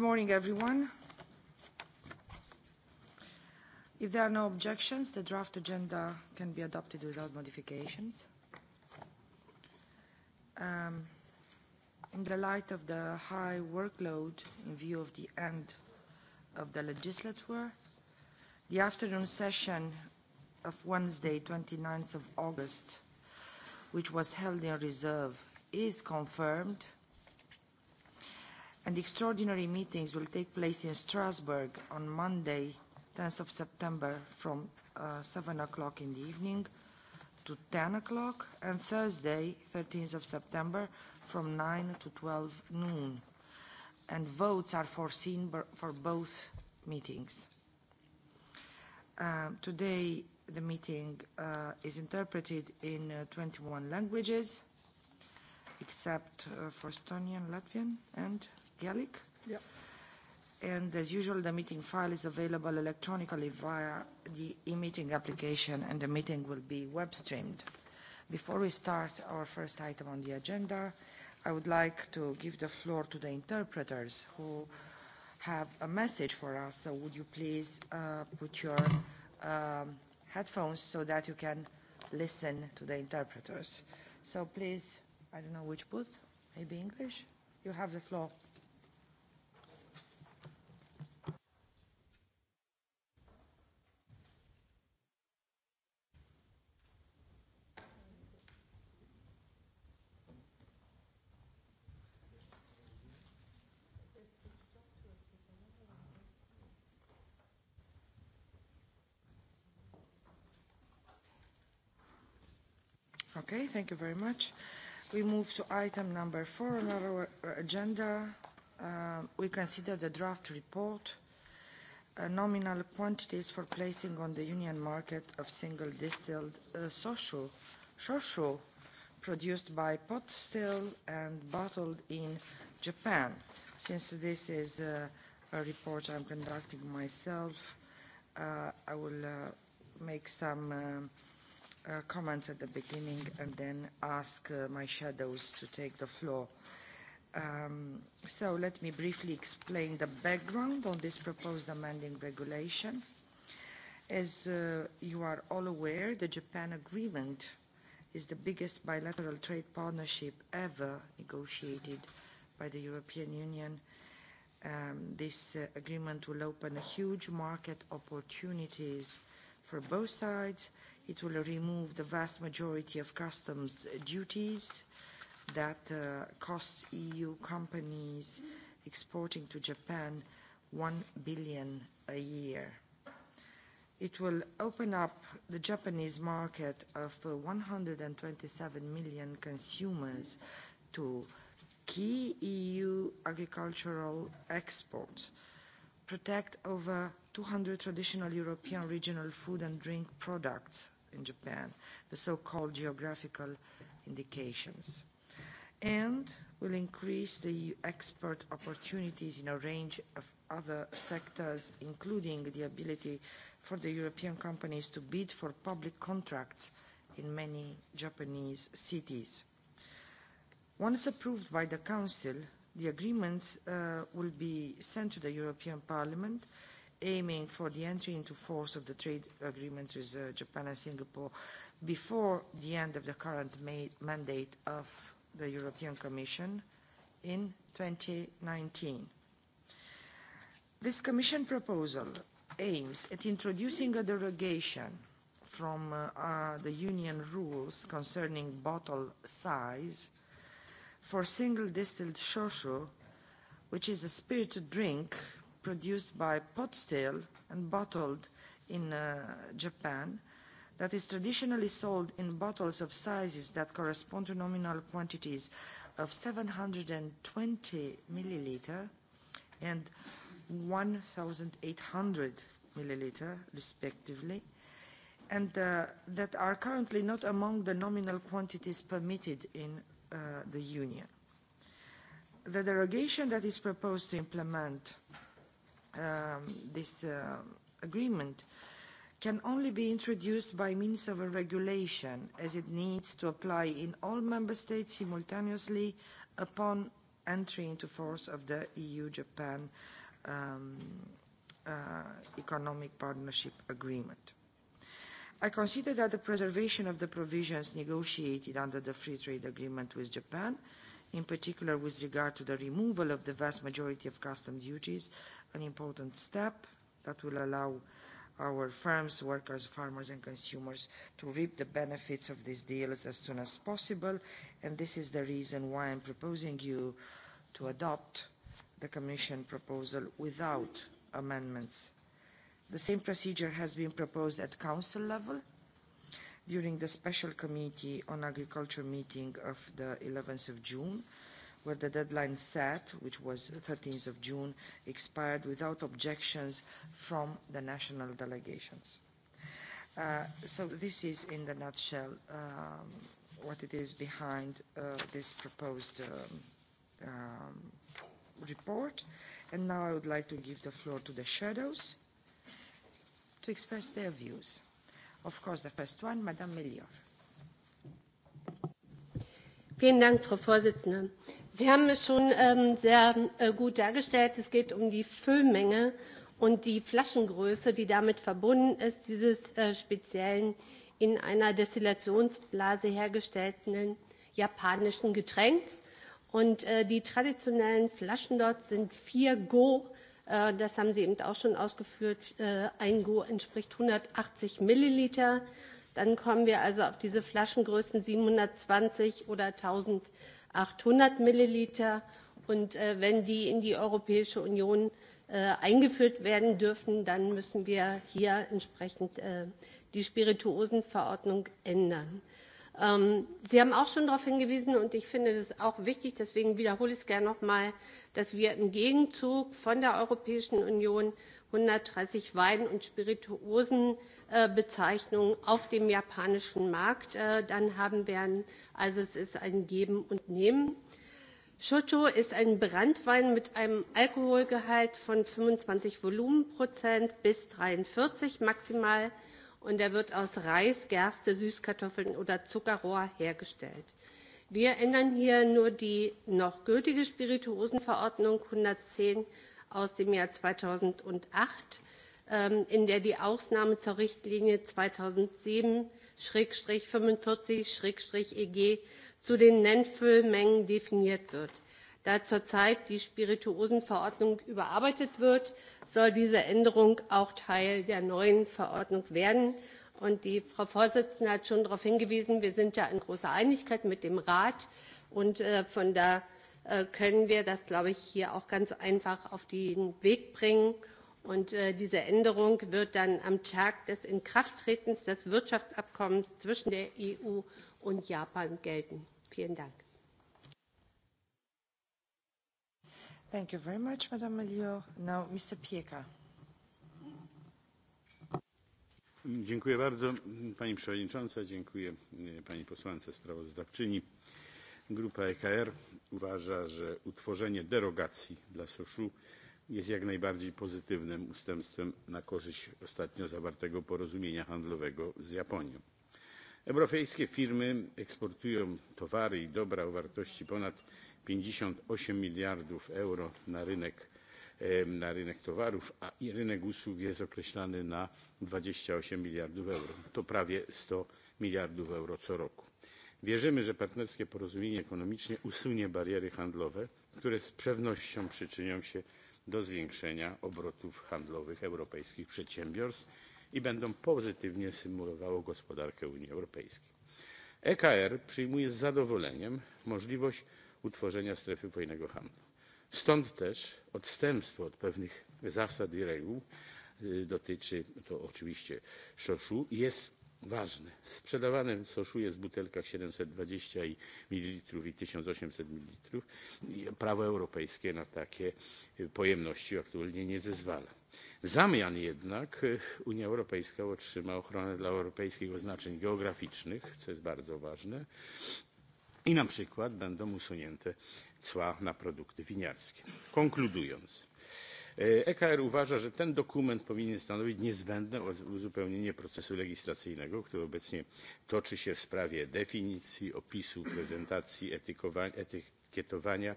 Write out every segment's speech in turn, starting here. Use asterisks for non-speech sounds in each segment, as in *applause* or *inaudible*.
morning, everyone. If there are no objections, the draft agenda can be adopted without modifications. Um, in the light of the high workload in view of the end of the legislature, the afternoon session of Wednesday, 29th of August, which was held in reserve, is confirmed – and extraordinary meetings will take place in Strasbourg on Monday, 10th of September from uh, 7 o'clock in the evening to 10 o'clock and Thursday, 13th of September from 9 to 12 noon. And votes are foreseen for both meetings. Um, today, the meeting uh, is interpreted in uh, 21 languages, except uh, for Estonian, Latvian, and Gellick. Yeah. And as usual, the meeting file is available electronically via the e-meeting application, and the meeting will be web-streamed. Before we start our first item on the agenda, I would like to give the floor to the interpreters who have a message for us. So would you please uh, put your um, headphones so that you can listen to the interpreters. So please, I don't know which booth, maybe English? You have the floor. Thank you very much. We move to item number four on our agenda. Uh, we consider the draft report, uh, nominal quantities for placing on the union market of single distilled uh, sosho, shosho, produced by pot still and bottled in Japan. Since this is uh, a report I'm conducting myself, uh, I will uh, make some uh, uh, comments at the beginning and then ask uh, my shadows to take the floor. Um, so let me briefly explain the background on this proposed amending regulation. As uh, you are all aware, the Japan Agreement is the biggest bilateral trade partnership ever negotiated by the European Union. Um, this uh, agreement will open a huge market opportunities for both sides, uh, It will remove the vast majority of customs duties that uh, costs EU companies exporting to Japan 1 billion a year. It will open up the Japanese market of uh, 127 million consumers to key EU agricultural exports, protect over 200 traditional European regional food and drink products in Japan, the so-called geographical indications, and will increase the export opportunities in a range of other sectors, including the ability for the European companies to bid for public contracts in many Japanese cities. Once approved by the Council, the agreements uh, will be sent to the European Parliament uh, aiming for the entry into force of the trade agreements with uh, Japan and Singapore before the end of the current ma mandate of the European Commission in 2019. This Commission proposal aims at introducing a derogation from uh, uh, the Union rules concerning bottle size for single distilled shoshu, which is a spirited drink produced by pot steel and bottled in uh, Japan that is traditionally sold in bottles of sizes that correspond to nominal quantities of 720 milliliter and 1,800 milliliter, respectively, and uh, that are currently not among the nominal quantities permitted in uh, the Union. The derogation that is proposed to implement uh, um, this uh, agreement can only be introduced by means of a regulation as it needs to apply in all member states simultaneously upon entry into force of the EU-Japan um, uh, Economic Partnership Agreement. I consider that the preservation of the provisions negotiated under the Free Trade Agreement with Japan, in particular with regard to the removal of the vast majority of custom duties an important step that will allow our firms, workers, farmers and consumers to reap the benefits of these deals as soon as possible. And this is the reason why I'm proposing you to adopt the Commission proposal without amendments. The same procedure has been proposed at Council level during the Special Committee on Agriculture meeting of the 11th of June, uh, where the deadline set, which was 13th of June, expired without objections from the national delegations. Uh, so this is, in the nutshell, um, what it is behind uh, this proposed um, um, report. And now I would like to give the floor to the shadows to express their views. Of course, the first one, Madame Melior. Vielen Dank, Frau Vorsitzende. Sie haben es schon ähm, sehr äh, gut dargestellt. Es geht um die Füllmenge und die Flaschengröße, die damit verbunden ist, dieses äh, speziellen in einer Destillationsblase hergestellten japanischen Getränks. Und äh, die traditionellen Flaschen dort sind 4 Go. Äh, das haben Sie eben auch schon ausgeführt. Äh, ein Go entspricht 180 Milliliter. Dann kommen wir also auf diese Flaschengrößen 720 oder 1000 Milliliter 800 Milliliter. Und äh, wenn die in die Europäische Union äh, eingeführt werden dürfen, dann müssen wir hier entsprechend äh, die Spirituosenverordnung ändern. Ähm, Sie haben auch schon darauf hingewiesen, und ich finde das auch wichtig, deswegen wiederhole ich es gerne nochmal, dass wir im Gegenzug von der Europäischen Union 130 Wein- und Spirituosenbezeichnungen auf dem japanischen Markt. Äh, dann haben wir ein, also es ist ein Geben und Nehmen. Shocho ist ein Brandwein mit einem Alkoholgehalt von 25 Volumenprozent bis 43 maximal und er wird aus Reis, Gerste, Süßkartoffeln oder Zuckerrohr hergestellt. Wir ändern hier nur die noch gültige Spirituosenverordnung 110 aus dem Jahr 2008, ähm, in der die Ausnahme zur Richtlinie 2007-45-EG e zu den Nennfüllmengen definiert wird. Da zurzeit die Spirituosenverordnung überarbeitet wird, soll diese Änderung auch Teil der neuen Verordnung werden. Und die Frau Vorsitzende hat schon darauf hingewiesen, wir sind ja in großer Einigkeit mit dem Rat. Und äh, von da Äh, können wir das, glaube ich, hier auch ganz einfach auf den Weg bringen. Und äh, diese Änderung wird dann am Tag des Inkrafttretens des Wirtschaftsabkommens zwischen der EU und Japan gelten. Vielen Dank. Thank you very much, Madame Melio. Now, Mr. Pieka. Dziękuję bardzo, Pani Przewodnicząca. Dziękuję e, Pani Posłance Sprawozdawczyni. Grupa EKR uważa, że utworzenie derogacji dla suszu jest jak najbardziej pozytywnym ustępstwem na korzyść ostatnio zawartego porozumienia handlowego z Japonią. Europejskie firmy eksportują towary i dobra o wartości ponad 58 miliardów euro na rynek, na rynek towarów, a rynek usług jest określany na 28 miliardów euro. To prawie 100 miliardów euro co roku wierzymy że partnerskie porozumienie ekonomiczne usunie bariery handlowe które z pewnością przyczynią się do zwiększenia obrotów handlowych europejskich przedsiębiorstw i będą pozytywnie stymulowało gospodarkę unii europejskiej. ekr przyjmuje z zadowoleniem możliwość utworzenia strefy podwójnego handlu stąd też odstępstwo od pewnych zasad i reguł dotyczy to oczywiście soczu jest ważne. Sprzedawane w Soszuję w butelkach 720 ml i 1800 ml. Prawo europejskie na takie pojemności aktualnie nie zezwala. W zamian jednak Unia Europejska otrzyma ochronę dla europejskich oznaczeń geograficznych, co jest bardzo ważne, i na przykład będą usunięte cła na produkty winiarskie. Konkludując, EKR e uważa, że ten dokument powinien stanowić niezbędne uzupełnienie procesu legislacyjnego, który obecnie toczy się w sprawie definicji, opisu, prezentacji, etykietowania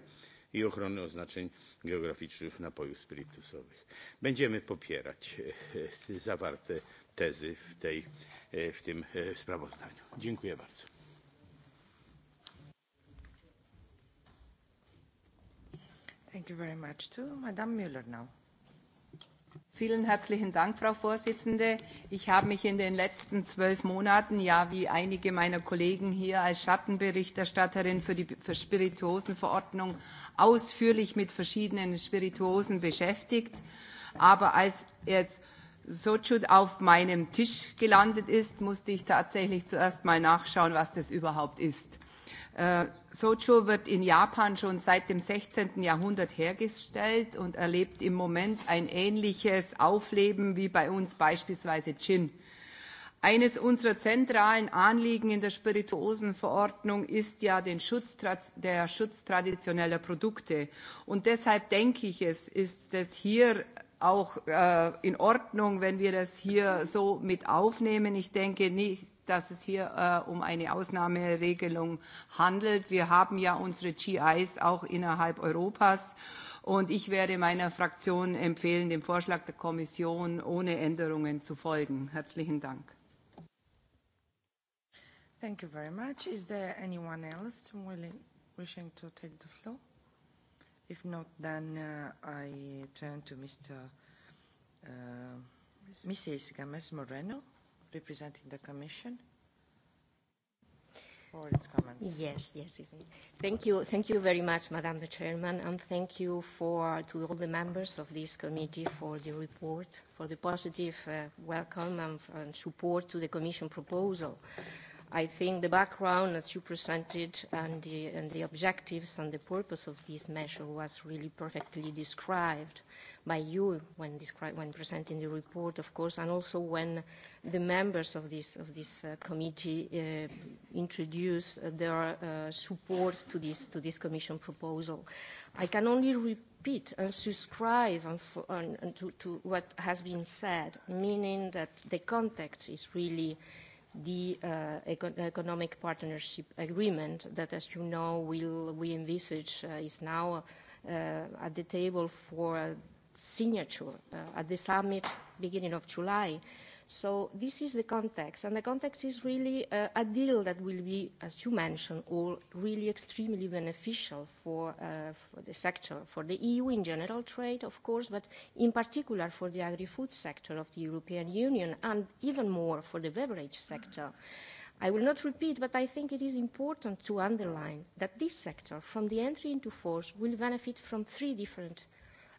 i ochrony oznaczeń geograficznych napojów spirytusowych. Będziemy popierać e, e, zawarte tezy w, tej, w tym sprawozdaniu. Dziękuję bardzo. Thank you very much too. Madame Müller now. Vielen herzlichen Dank, Frau Vorsitzende. Ich habe mich in den letzten zwölf Monaten, ja wie einige meiner Kollegen hier als Schattenberichterstatterin für die für Spirituosenverordnung ausführlich mit verschiedenen Spirituosen beschäftigt. Aber als jetzt Sochut auf meinem Tisch gelandet ist, musste ich tatsächlich zuerst mal nachschauen, was das überhaupt ist. Äh, Socho wird in Japan schon seit dem 16. Jahrhundert hergestellt und erlebt im Moment ein ähnliches Aufleben wie bei uns beispielsweise Gin. Eines unserer zentralen Anliegen in der Spirituosenverordnung ist ja den Schutz, der Schutz traditioneller Produkte. Und deshalb denke ich, es ist es hier auch äh, in Ordnung, wenn wir das hier so mit aufnehmen. Ich denke nicht, dass es hier äh, um eine Ausnahmeregelung handelt. Wir haben ja unsere GIs auch innerhalb Europas. Und ich werde meiner Fraktion empfehlen, dem Vorschlag der Kommission ohne Änderungen zu folgen. Herzlichen Dank. Thank you very much. Is there anyone else willing, wishing to take the floor? If not, then uh, I turn to Mr. Uh, Mrs. Gomez Moreno representing the Commission for its comments. Yes, yes, yes. Thank you. Thank you very much, Madam the Chairman, and thank you for, to all the members of this committee for the report, for the positive uh, welcome and, and support to the Commission proposal. Uh, I think the background as you presented and the, and the objectives and the purpose of this measure was really perfectly described by you when, descri when presenting the report, of course, and also when the members of this, of this uh, committee uh, introduced their uh, support to this, to this Commission proposal. I can only repeat and subscribe and for, and, and to, to what has been said, meaning that the context is really uh, the uh, econ economic partnership agreement that, as you know, will, we envisage uh, is now uh, at the table for signature uh, at the summit beginning of July. Uh, So this is the context, and the context is really uh, a deal that will be, as you mentioned, all really extremely beneficial for, uh, for the sector, for the EU in general trade, of course, but in particular for the agri-food sector of the European Union, and even more for the beverage sector. I will not repeat, but I think it is important to underline that this sector, from the entry into force, will benefit from three different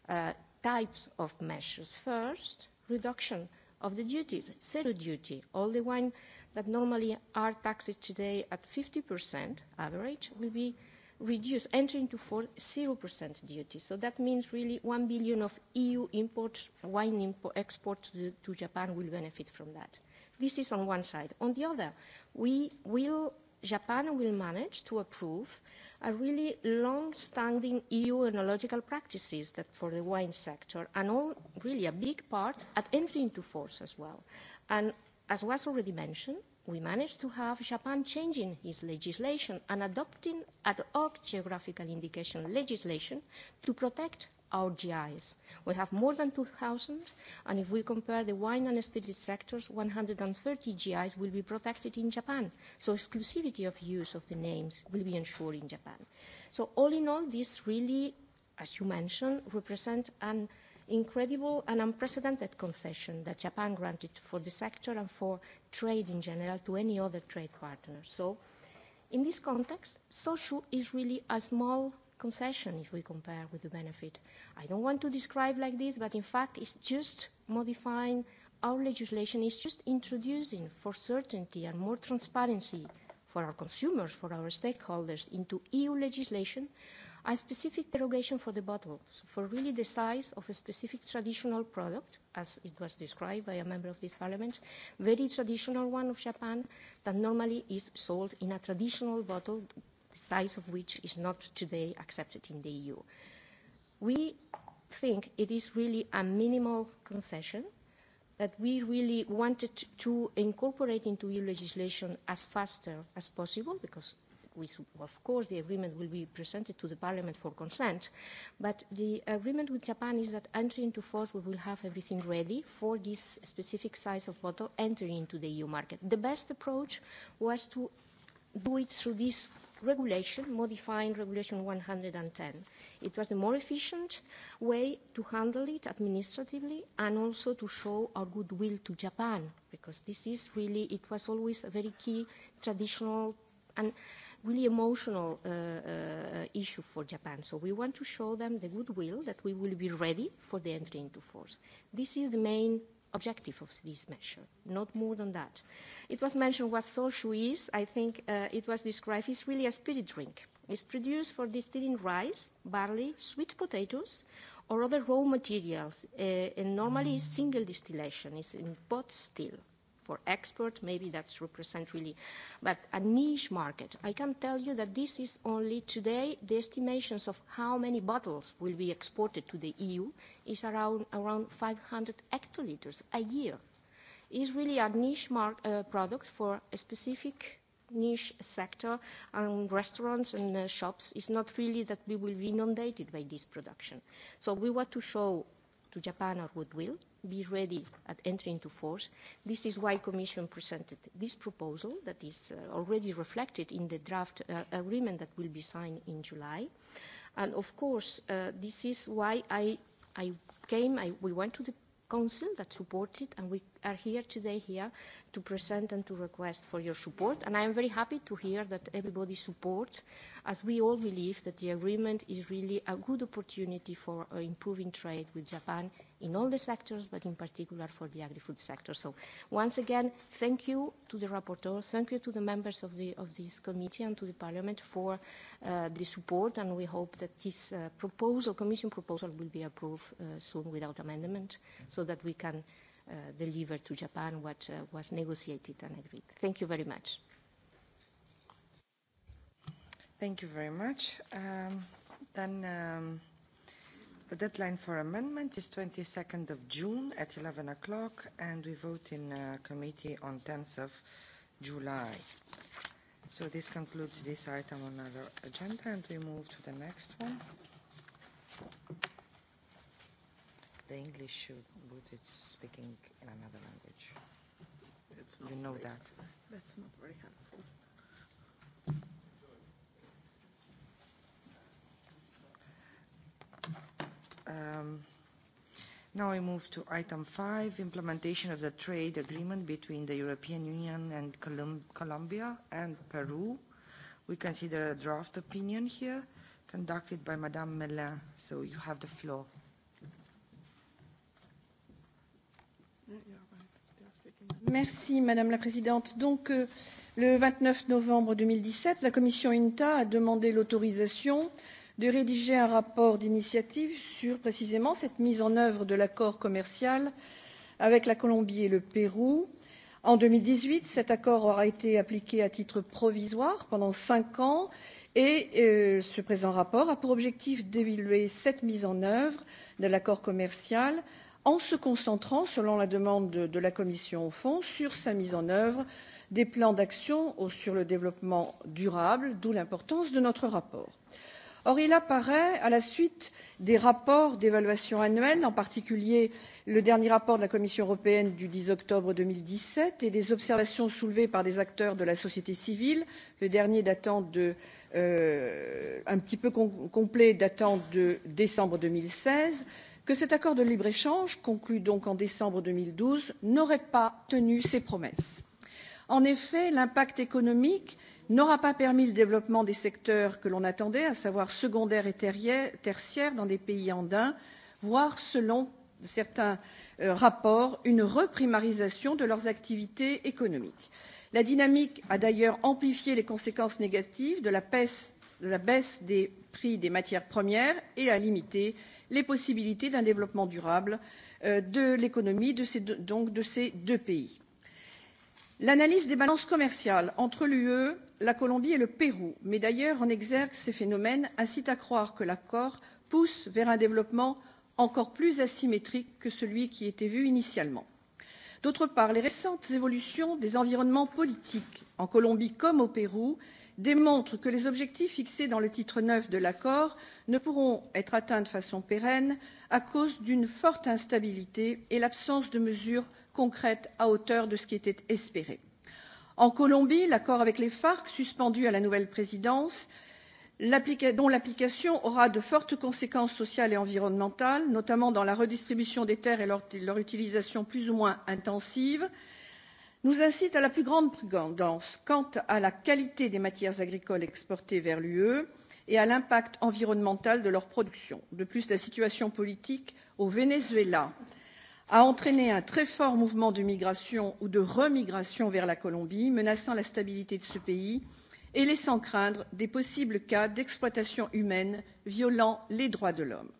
uh, types of measures. First, reduction of the duties, zero duty, all the wine that normally are taxed today at 50% average will be reduced, enter into force 0% duty. So that means really 1 billion of EU imports, wine import, export to, to Japan will benefit from that. This is on one side. On the other, we will, Japan will manage to approve uh, are really long-standing EU enological practices that for the wine sector and all really a big part at entry into force as well. And as was already mentioned, we managed to have Japan changing its legislation and adopting ad hoc geographical indication legislation to protect our GIs. We have more than 2,000, and if we compare the wine and spirit sectors, 130 GIs will be protected in Japan, so exclusivity of use of the names will be ensured in Japan. So all in all, this really, as you mentioned, represent an incredible and unprecedented concession that Japan granted for the sector and for trade in general to any other trade partner. So in this context, Soshu is really a small concession if we compare with the benefit. I don't want to describe like this, but in fact it's just modifying our legislation, it's just introducing for certainty and more transparency for our consumers, for our stakeholders into EU legislation, a specific derogation for the bottle, for really the size of a specific traditional product, as it was described by a member of this parliament, very traditional one of Japan, that normally is sold in a traditional bottle the size of which is not today accepted in the EU. We think it is really a minimal concession that we really wanted to incorporate into EU legislation as faster as possible because we, of course the agreement will be presented to the parliament for consent but the agreement with Japan is that entering into force we will have everything ready for this specific size of bottle entering into the EU market. The best approach was to do it through this regulation, modifying Regulation 110. It was the more efficient way to handle it administratively and also to show our goodwill to Japan, because this is really, it was always a very key traditional and really emotional uh, uh, issue for Japan. So we want to show them the goodwill that we will be ready for the entry into force. This is the main objective of this measure, not more than that. It was mentioned what social is. I think uh, it was described as really a spirit drink. It's produced for distilling rice, barley, sweet potatoes, or other raw materials, uh, and normally it's mm. single distillation. It's in pot still for export. Maybe that's represent really, but a niche market. I can tell you that this is only today, the estimations of how many bottles will be exported to the EU is around, around 500 hectoliters a year. It's really a niche mark, uh, product for a specific niche sector and restaurants and uh, shops is not really that we will be inundated by this production. So we want to show to Japan or goodwill be ready at entry into force. This is why Commission presented this proposal that is uh, already reflected in the draft uh, agreement that will be signed in July. And of course, uh, this is why I, I came, I, we went to the Council that supports it, and we are here today here to present and to request for your support. And I am very happy to hear that everybody supports, as we all believe that the agreement is really a good opportunity for uh, improving trade with Japan in all the sectors, but in particular for the agri-food sector. So once again, thank you to the rapporteur, thank you to the members of, the, of this committee and to the Parliament for uh, the support, and we hope that this uh, proposal, Commission proposal, will be approved uh, soon without amendment, so that we can uh, deliver to Japan what uh, was negotiated and agreed. Thank you very much. Thank you very much. Um, then... Um The deadline for amendment is 22nd of June at 11 o'clock and we vote in uh, committee on 10th of July. So this concludes this item on our agenda and we move to the next one. The English should, but it's speaking in another language. It's not you know very, that. That's not very helpful. Um, now I move to item five, implementation of the trade agreement between the European Union and Colum Colombia and Peru. We consider a draft opinion here conducted by Madame Melin. So you have the floor. Merci Madame la Présidente. Donc, euh, le 29 novembre 2017, la Commission INTA a demandé l'autorisation euh, de rédiger un rapport d'initiative sur précisément cette mise en œuvre de l'accord commercial avec la Colombie et le Pérou. En 2018, cet accord aura été appliqué à titre provisoire pendant cinq ans et euh, ce présent rapport a pour objectif d'évaluer cette mise en œuvre de l'accord commercial en se concentrant, selon la demande de, de la Commission au fond, sur sa mise en œuvre des plans d'action sur le développement durable, d'où l'importance de notre rapport. Euh, Or il apparaît, à la suite des rapports d'évaluation annuels, en particulier le dernier rapport de la Commission européenne du 10 octobre 2017 et des observations soulevées par des acteurs de la société civile, le dernier datant de, euh, un petit peu com complet datant de décembre 2016, que cet accord de libre-échange, conclu donc en décembre 2012, n'aurait pas tenu ses promesses. En effet, l'impact économique n'aura pas permis le développement des secteurs que l'on attendait, à savoir secondaire et tertiaire dans des pays andins, voire, selon certains euh, rapports, une reprimarisation de leurs activités économiques. La dynamique a d'ailleurs amplifié les conséquences négatives de la baisse des prix des matières premières et a limité les possibilités d'un développement durable euh, de l'économie de ces deux pays. L'analyse des balances commerciales entre l'Union e la Colombie et le Pérou, médailleurs en exergue, ces phénomènes incitent à croire que l'accord pousse vers un développement encore plus asymétrique que celui qui était vu initialement. D'autre part, les récentes évolutions des environnements politiques, en Colombie comme au Pérou, démontrent que les objectifs fixés dans le titre IX de l'accord ne pourront être atteints de façon pérenne à cause d'une forte instabilité et de l'absence de mesures concrètes à hauteur de ce qui était espéré. En Colombie, l'accord avec les FARC, suspendu à la nouvelle présidence, dont l'application aura de fortes conséquences sociales et environnementales, notamment dans la redistribution des terres et leur utilisation plus ou moins intensive, nous incite à la plus grande prudence quant à la qualité des matières agricoles exportées vers l'UE et à l'impact environnemental de leur production. De plus, la situation politique au Venezuela a entraîné un très fort mouvement de migration ou de remigration vers la Colombie, menaçant la stabilité de ce pays et laissant craindre de possibles cas d'exploitation humaine violant les droits de l'homme.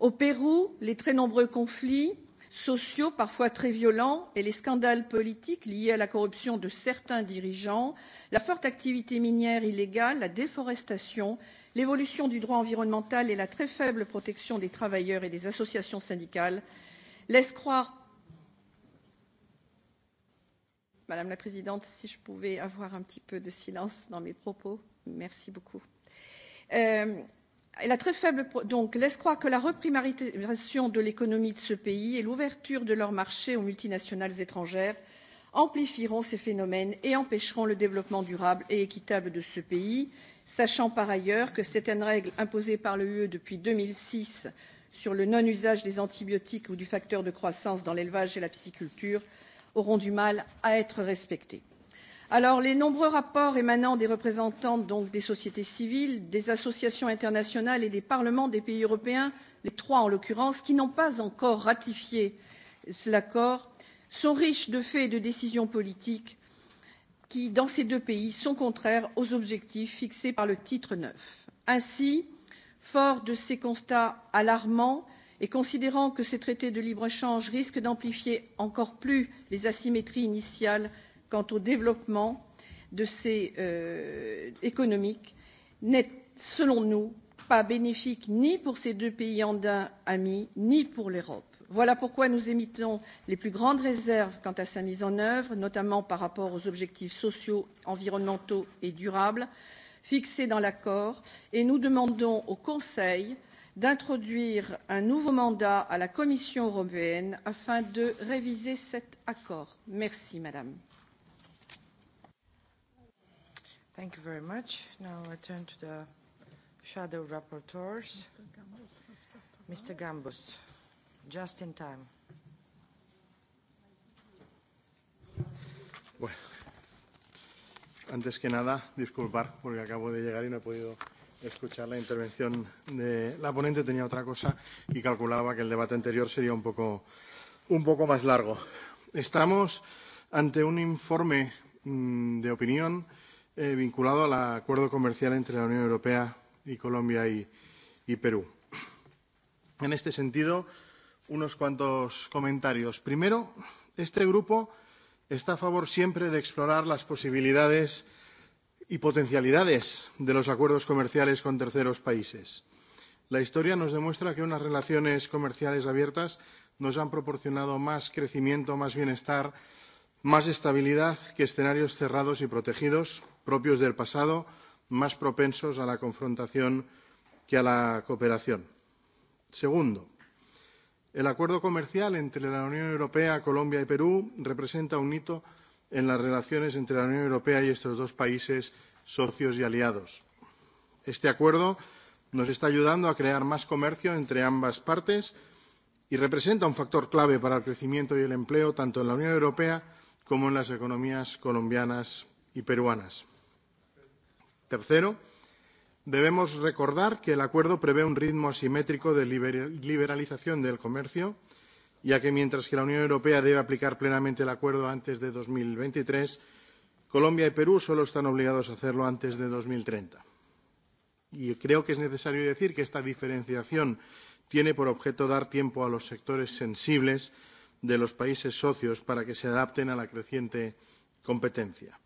Au Pérou, les très nombreux conflits sociaux, parfois très violents, et les scandales politiques liés à la corruption de certains dirigeants, la forte activité minière illégale, la déforestation, l'évolution du droit environnemental et la très faible protection des travailleurs et des associations syndicales laisse croire Madame la Présidente, si je pouvais avoir un petit peu de silence dans mes propos, merci beaucoup. Euh, la très faible donc laisse croire que la reprimarisation de l'économie de ce pays et l'ouverture de leur marché aux multinationales étrangères amplifieront ces phénomènes et empêcheront le développement durable et équitable de ce pays, sachant par ailleurs que certaines règles imposées par l'UE e depuis 2006 sur le non-usage des antibiotiques ou du facteur de croissance dans l'élevage et la pisciculture auront du mal à être respectées. Les nombreux rapports émanant des représentants des sociétés civiles, des associations internationales et des parlements des pays européens, les trois en l'occurrence, qui n'ont pas encore ratifié l'accord sont riches de faits et de décisions politiques qui, dans ces deux pays, sont contraires aux objectifs fixés par le titre IX. Ainsi, Fort de ces constats alarmants et considérant que ces traités de libre-échange risquent d'amplifier encore plus les asymétries initiales quant au développement de ces, euh, économique, n'est, selon nous, pas bénéfique ni pour ces deux pays andins amis, ni pour l'Europe. Voilà pourquoi nous émettons les plus grandes réserves quant à sa mise en œuvre, notamment par rapport aux objectifs sociaux, environnementaux et durables, fixées dans l'accord et nous demandons au Conseil d'introduire un nouveau mandat à la Commission européenne afin de réviser cet accord. Merci, Madame. Thank you very much. Now I turn to the shadow rapporteurs. Mr. Gambus, just in time. Well, Antes que nada, disculpar porque acabo de llegar y no he podido escuchar la intervención de la ponente. Tenía otra cosa y calculaba que el debate anterior sería un poco, un poco más largo. Estamos ante un informe mmm, de opinión eh, vinculado al acuerdo comercial entre la Unión Europea y Colombia y, y Perú. En este sentido, unos cuantos comentarios. Primero, este grupo está a favor siempre de explorar las posibilidades y potencialidades de los acuerdos comerciales con terceros países. La historia nos demuestra que unas relaciones comerciales abiertas nos han proporcionado más crecimiento, más bienestar, más estabilidad que escenarios cerrados y protegidos, propios del pasado, más propensos a la confrontación que a la cooperación. Segundo, El acuerdo comercial entre la Unión Europea, Colombia y Perú representa un hito en las relaciones entre la Unión Europea y estos dos países socios y aliados. Este acuerdo nos está ayudando a crear más comercio entre ambas partes y representa un factor clave para el crecimiento y el empleo tanto en la Unión Europea como en las economías colombianas y peruanas. Tercero, Debemos recordar que el acuerdo prevé un ritmo asimétrico de liberalización del comercio, ya que mientras que la Unión Europea debe aplicar plenamente el acuerdo antes de 2023, Colombia y Perú solo están obligados a hacerlo antes de 2030. Y creo que es necesario decir que esta diferenciación tiene por objeto dar tiempo a los sectores sensibles de los países socios para que se adapten a la creciente competencia.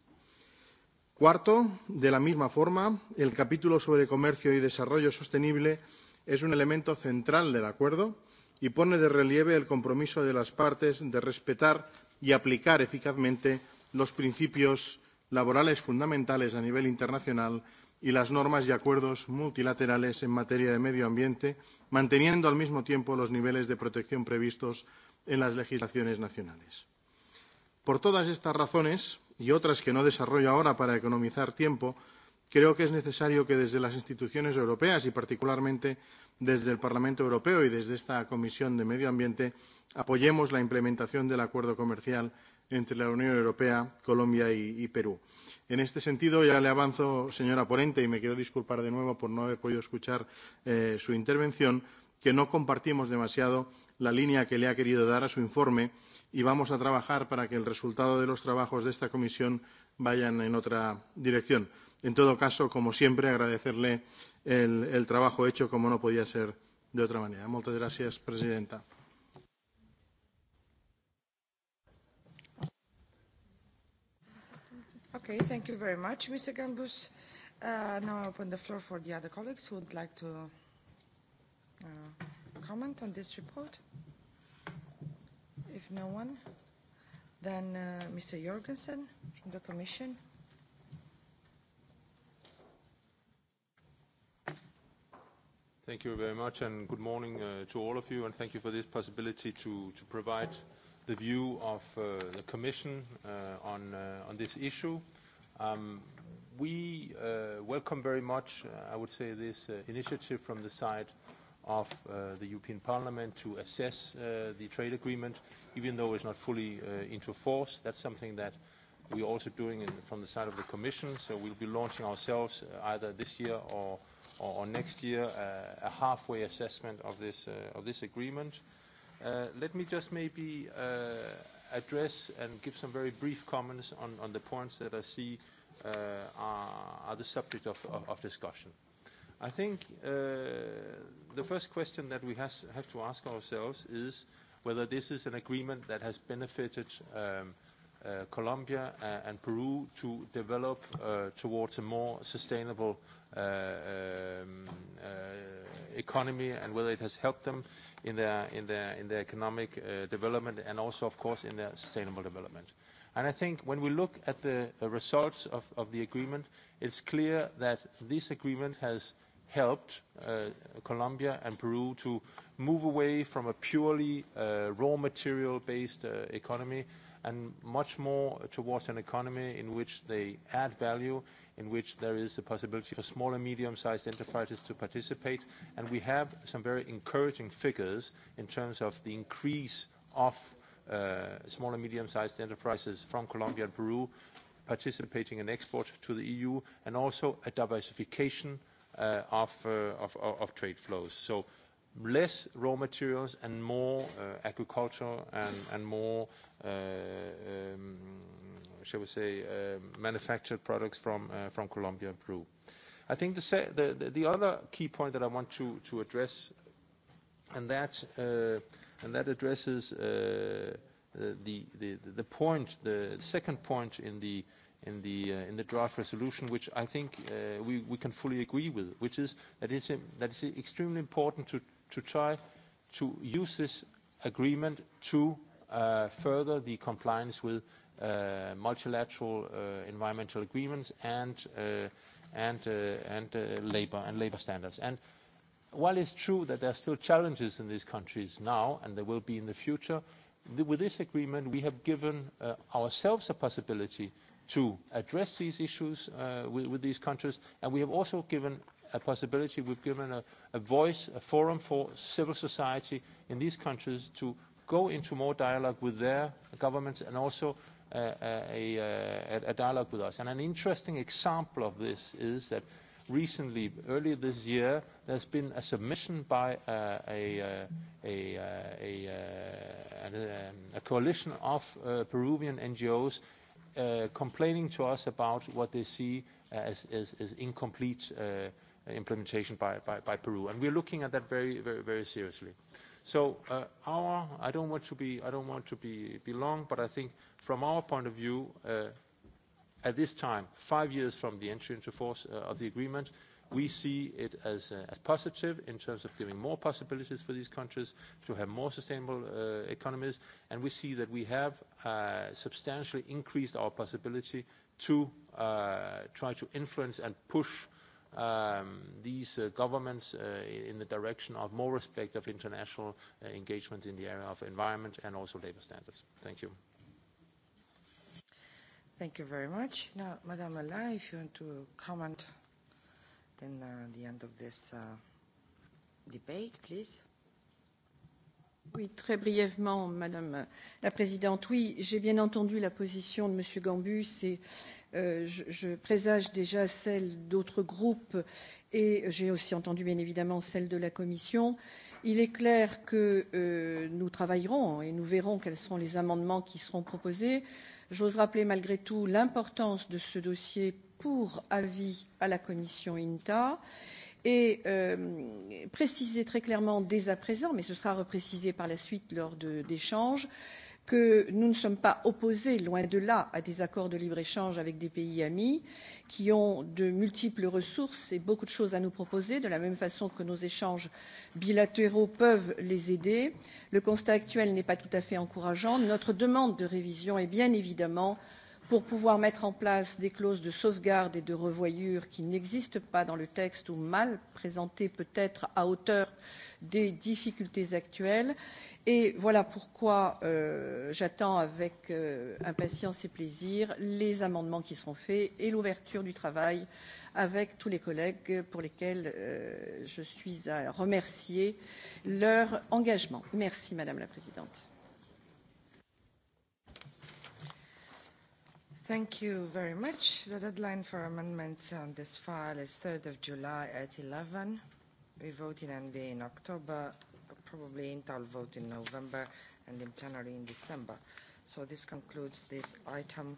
Cuarto, de la misma forma, el capítulo sobre comercio y desarrollo sostenible es un elemento central del acuerdo y pone de relieve el compromiso de las partes de respetar y aplicar eficazmente los principios laborales fundamentales a nivel internacional y las normas y acuerdos multilaterales en materia de medio ambiente, manteniendo al mismo tiempo los niveles de protección previstos en las legislaciones nacionales. Por todas estas razones, y otras que no desarrollo ahora para economizar tiempo, creo que es necesario que desde las instituciones europeas y particularmente desde el Parlamento Europeo y desde esta Comisión de Medio Ambiente apoyemos la implementación del acuerdo comercial entre la Unión Europea, Colombia y, y Perú. En este sentido, ya le avanzo, señora ponente, y me quiero disculpar de nuevo por no haber podido escuchar eh, su intervención, que no compartimos demasiado la línea que le ha querido dar a su informe y vamos a trabajar para que el resultado de los trabajos de esta comisión vayan en otra dirección. En todo caso, como siempre, agradecerle el, el trabajo hecho, como no podía ser de otra manera. Muchas gracias, presidenta. Okay, thank you very much, Mr. Gambus. Uh, now I open the floor for the other colleagues who would like to uh, comment on this report. Uh, No one? Then uh, Mr. Jorgensen from the Commission. Thank you very much, and good morning uh, to all of you, and thank you for this possibility to, to provide the view of uh, the Commission uh, on, uh, on this issue. Um, we uh, welcome very much, uh, I would say, this uh, initiative from the side of uh, the European Parliament to assess uh, the trade agreement, even though it's not fully uh, into force. That's something that we're also doing in, from the side of the Commission, so we'll be launching ourselves uh, either this year or, or, or next year uh, a halfway assessment of this, uh, of this agreement. Uh, let me just maybe uh, address and give some very brief comments on, on the points that I see uh, are, are the subject of, of, of discussion. Uh, I think uh, the first question that we has, have to ask ourselves is whether this is an agreement that has benefited um, uh, Colombia and Peru to develop uh, towards a more sustainable uh, um, uh, economy, and whether it has helped them in their, in their, in their economic uh, development and also, of course, in their sustainable development. And I think when we look at the results of, of the agreement, it's clear that this agreement has helped uh, Colombia and Peru to move away from a purely uh, raw material-based uh, economy and much more towards an economy in which they add value, in which there is a possibility for small and medium-sized enterprises to participate. And we have some very encouraging figures in terms of the increase of uh, small and medium-sized enterprises from Colombia and Peru participating in export to the EU, and also a diversification Uh, uh, of, of, of trade flows. So less raw materials and more uh, agriculture and, and more, um, shall we say, um, manufactured products from, from Colombia and Peru. I think the, the, the other key point that I want to, to address, and that, and that addresses the, the point, the second point in the in the, uh, in the draft resolution, which I think uh, we, we can fully agree with, which is that it's, that it's extremely important to, to try to use this agreement to uh, further the compliance with uh, multilateral uh, environmental agreements and, uh, and, uh, and uh, labor and labor standards. And while it's true that there are still challenges in these countries now, and there will be in the future, th with this agreement, we have given uh, ourselves a possibility uh, to address these issues uh, with, with these countries. And we have also given a possibility, we've given a, a voice, a forum for civil society in these countries to go into more dialogue with their governments and also uh, uh a, uh, a, a dialogue with us. And an interesting example of this is that recently, earlier this year, there's been a submission by uh, a, uh, a, a, um, a coalition of uh, Peruvian NGOs uh, complaining to us about what they see uh, as, as, as incomplete uh, implementation by, by, by Peru. And we're looking at that very, very, very seriously. So uh, our, I don't want to be, I don't want to be, be long, but I think from our point of view, uh, at this time, five years from the entry into force uh, of the agreement, We see it as, uh, as positive in terms of giving more possibilities for these countries to have more sustainable uh, economies, and we see that we have uh, substantially increased our possibility to uh, try to influence and push um, these uh, governments uh, in the direction of more respect of international uh, engagement in the area of environment and also labor standards. Thank you. Thank you very much. Now, Madame Allah, if you want to comment then uh, the end of this uh, debate, please. Oui, très brièvement, Madame la Présidente. Oui, j'ai bien entendu la position de Monsieur Gambus et euh, je, je présage déjà celle d'autres groupes et j'ai aussi entendu bien évidemment celle de la Commission. Il est clair que euh, nous travaillerons et nous verrons quels seront les amendements qui seront proposés. J'ose rappeler malgré tout l'importance de ce dossier pour avis à la commission INTA et euh, préciser très clairement dès à présent, mais ce sera reprécisé par la suite lors d'échanges, que nous ne sommes pas opposés, loin de là, à des accords de libre-échange avec des pays amis qui ont de multiples ressources et beaucoup de choses à nous proposer, de la même façon que nos échanges bilatéraux peuvent les aider. Le constat actuel n'est pas tout à fait encourageant. Notre demande de révision est bien évidemment euh, pour pouvoir mettre en place des clauses de sauvegarde et de revoyure qui n'existent pas dans le texte ou mal présentées peut-être à hauteur des difficultés actuelles. Et voilà pourquoi euh, j'attends avec euh, impatience et plaisir les amendements qui seront faits et l'ouverture du travail avec tous les collègues pour lesquels euh, je suis à remercier leur engagement. Merci Madame la Présidente. Thank you very much. The deadline for amendments on this file is 3rd of July at 11. We vote in NV in October, probably Intel vote in November, and in plenary in December. So this concludes this item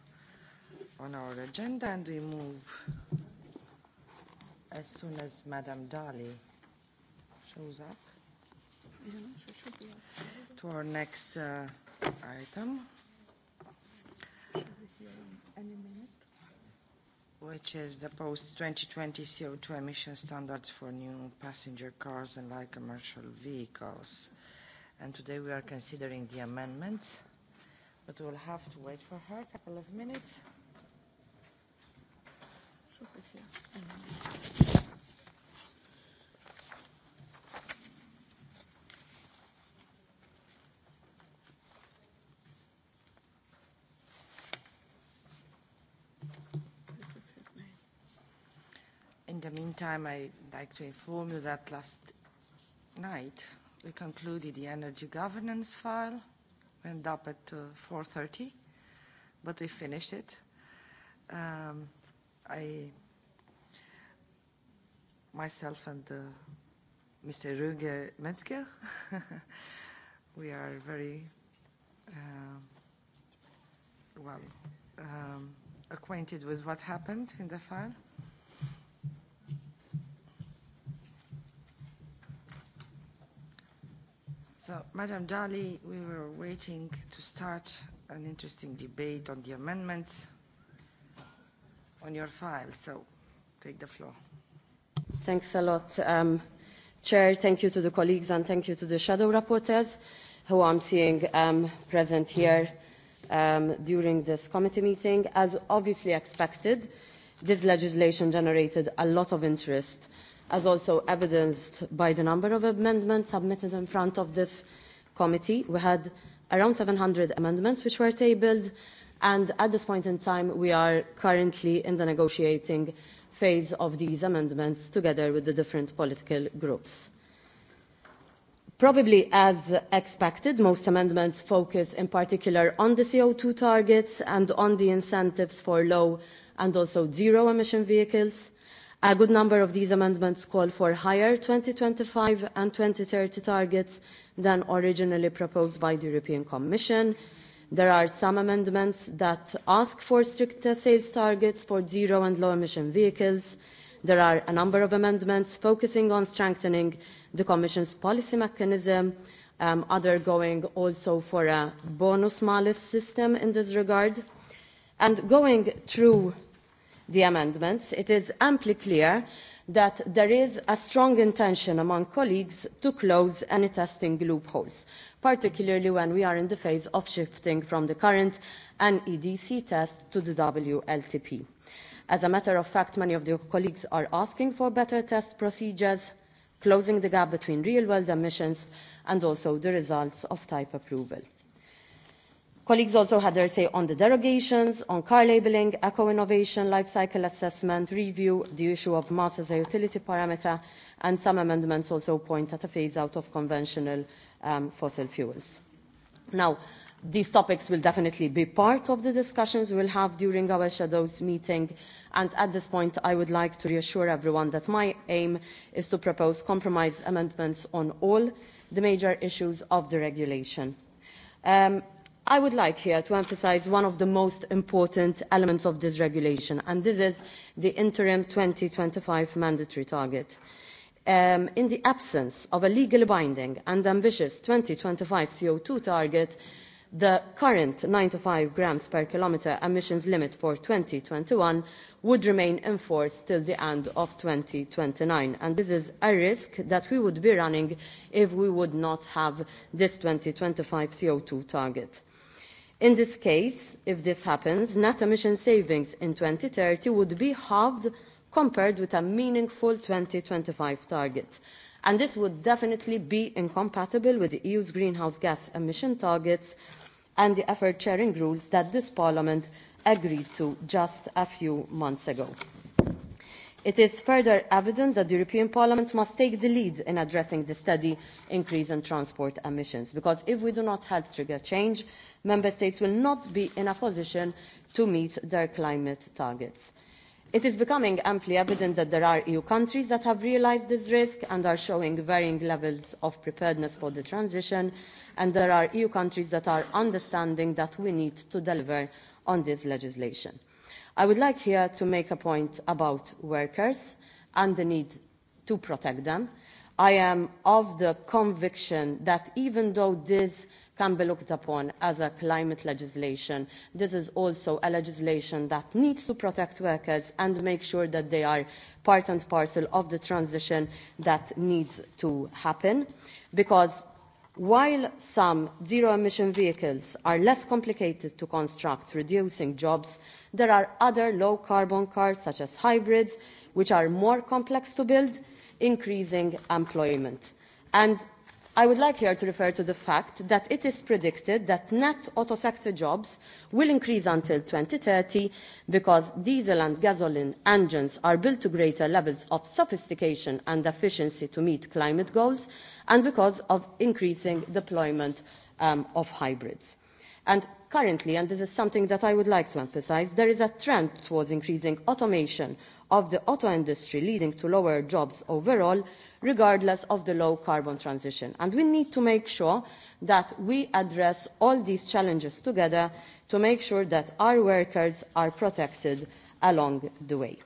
on our agenda, and we move as soon as Madame Dali shows up to our next uh, item any minute. Which is the post 2020 CO2 emission standards for new passenger cars and light commercial vehicles. And today we are considering the amendments, but we'll have to wait for her a couple of minutes. Should be here. the meantime, I'd like to inform you that last night we concluded the energy governance file, went up at uh, 4.30, but we finished it. Um, I, myself and uh, Mr. Ruge Metzger, *laughs* we are very uh, well um, acquainted with what happened in the file. So, Madam Dali, we were waiting to start an interesting debate on the amendments on your file, so take the floor. Thanks a lot, um, Chair. Thank you to the colleagues and thank you to the shadow rapporteurs who I'm seeing um, present here um, during this committee meeting. As obviously expected, this legislation generated a lot of interest uh, as also evidenced by the number of amendments submitted in front of this committee. We had around 700 amendments which were tabled, and at this point in time, we are currently in the negotiating phase of these amendments together with the different political groups. Probably as expected, most amendments focus in particular on the CO2 targets and on the incentives for low and also zero emission vehicles. Uh, A good number of these amendments call for higher 2025 and 2030 targets than originally proposed by the European Commission. There are some amendments that ask for stricter sales targets for zero and low emission vehicles. There are a number of amendments focusing on strengthening the Commission's policy mechanism, um, other going also for a bonus malus system in this regard. And going through the amendments, it is amply clear that there is a strong intention among colleagues to close any testing loopholes, particularly when we are in the phase of shifting from the current NEDC test to the WLTP. As a matter of fact, many of the colleagues are asking for better test procedures, closing the gap between real-world emissions and also the results of type approval. Colleagues also had their say on the derogations, on car labelling, eco-innovation, life cycle assessment, review, the issue of mass as a utility parameter, and some amendments also point at a phase out of conventional um, fossil fuels. Now, these topics will definitely be part of the discussions we'll have during our shadows meeting and at this point i would like to reassure everyone that my aim is to propose compromise amendments on all the major issues of the regulation. Um, I would like here to emphasize one of the most important elements of this regulation, and this is the interim 2025 mandatory target. Um, in the absence of a legally binding and ambitious 2025 CO2 target, the current 95 grams per kilometer emissions limit for 2021 would remain in force till the end of 2029. And this is a risk that we would be running if we would not have this 2025 CO2 target. In this case, if this happens, net emission savings in 2030 would be halved compared with a meaningful 2025 target. And this would definitely be incompatible with the EU's greenhouse gas emission targets and the effort sharing rules that this Parliament agreed to just a few months ago. It is further evident that the European Parliament must take the lead in addressing the steady increase in transport emissions, because if we do not help trigger change, Member States will not be in a position to meet their climate targets. It is becoming amply evident that there are EU countries that have realized this risk and are showing varying levels of preparedness for the transition, and there are EU countries that are understanding that we need to deliver on this legislation. I would like here to make a point about workers and the need to protect them. I am of the conviction that even though this can be looked upon as a climate legislation, this is also a legislation that needs to protect workers and make sure that they are part and parcel of the transition that needs to happen because While some zero-emission vehicles are less complicated to construct, reducing jobs, there are other low-carbon cars, such as hybrids, which are more complex to build, increasing employment. And I would like here to refer to the fact that it is predicted that net auto sector jobs will increase until 2030 because diesel and gasoline engines are built to greater levels of sophistication and efficiency to meet climate goals and because of increasing deployment um, of hybrids. And currently, and this is something that I would like to emphasize, there is a trend towards increasing automation of the auto industry, leading to lower jobs overall, regardless of the low carbon transition. And we need to make sure that we address all these challenges together to make sure that our workers are protected along the way.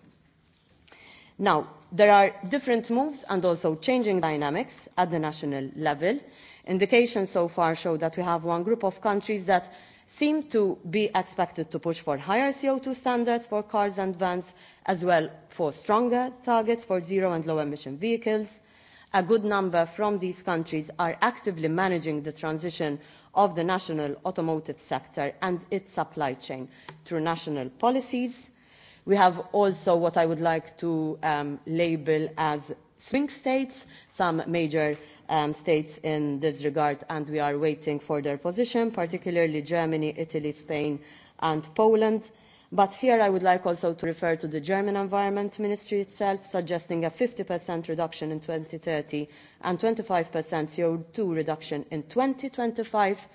Now, there are different moves and also changing dynamics at the national level. Indications so far show that we have one group of countries that seem to be expected to push for higher CO2 standards for cars and vans, as well for stronger targets for zero and low emission vehicles. A good number from these countries are actively managing the transition of the national automotive sector and its supply chain through national policies. We have also what I would like to um, label as swing states, some major um, states in this regard, and we are waiting for their position, particularly Germany, Italy, Spain, and Poland. But here I would like also to refer to the German Environment Ministry itself, suggesting a 50% reduction in 2030 and 25% CO2 reduction in 2025,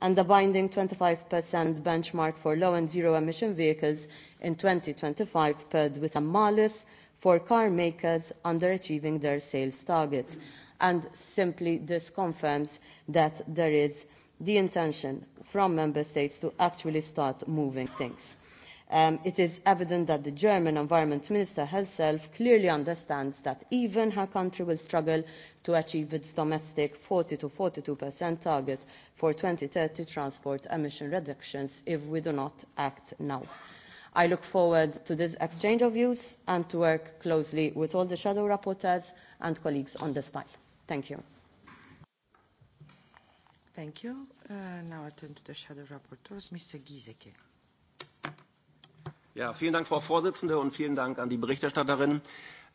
and a binding 25% benchmark for low and zero emission vehicles in 2025, paired with a malus for car makers underachieving their sales target. Mm-hmm and simply this confirms that there is the intention from member states to actually start moving things. Um, it is evident that the German environment minister herself clearly understands that even her country will struggle to achieve its domestic 40 to 42% target for 2030 transport emission reductions if we do not act now. I look forward to this exchange of views and to work closely with all the shadow rapporteurs and colleagues on this file. Thank you. Thank you. Uh, now I turn to the shadow rapporteurs, Mr. Giesecke. Ja, vielen Dank, Frau Vorsitzende, und vielen Dank an die Berichterstatterin.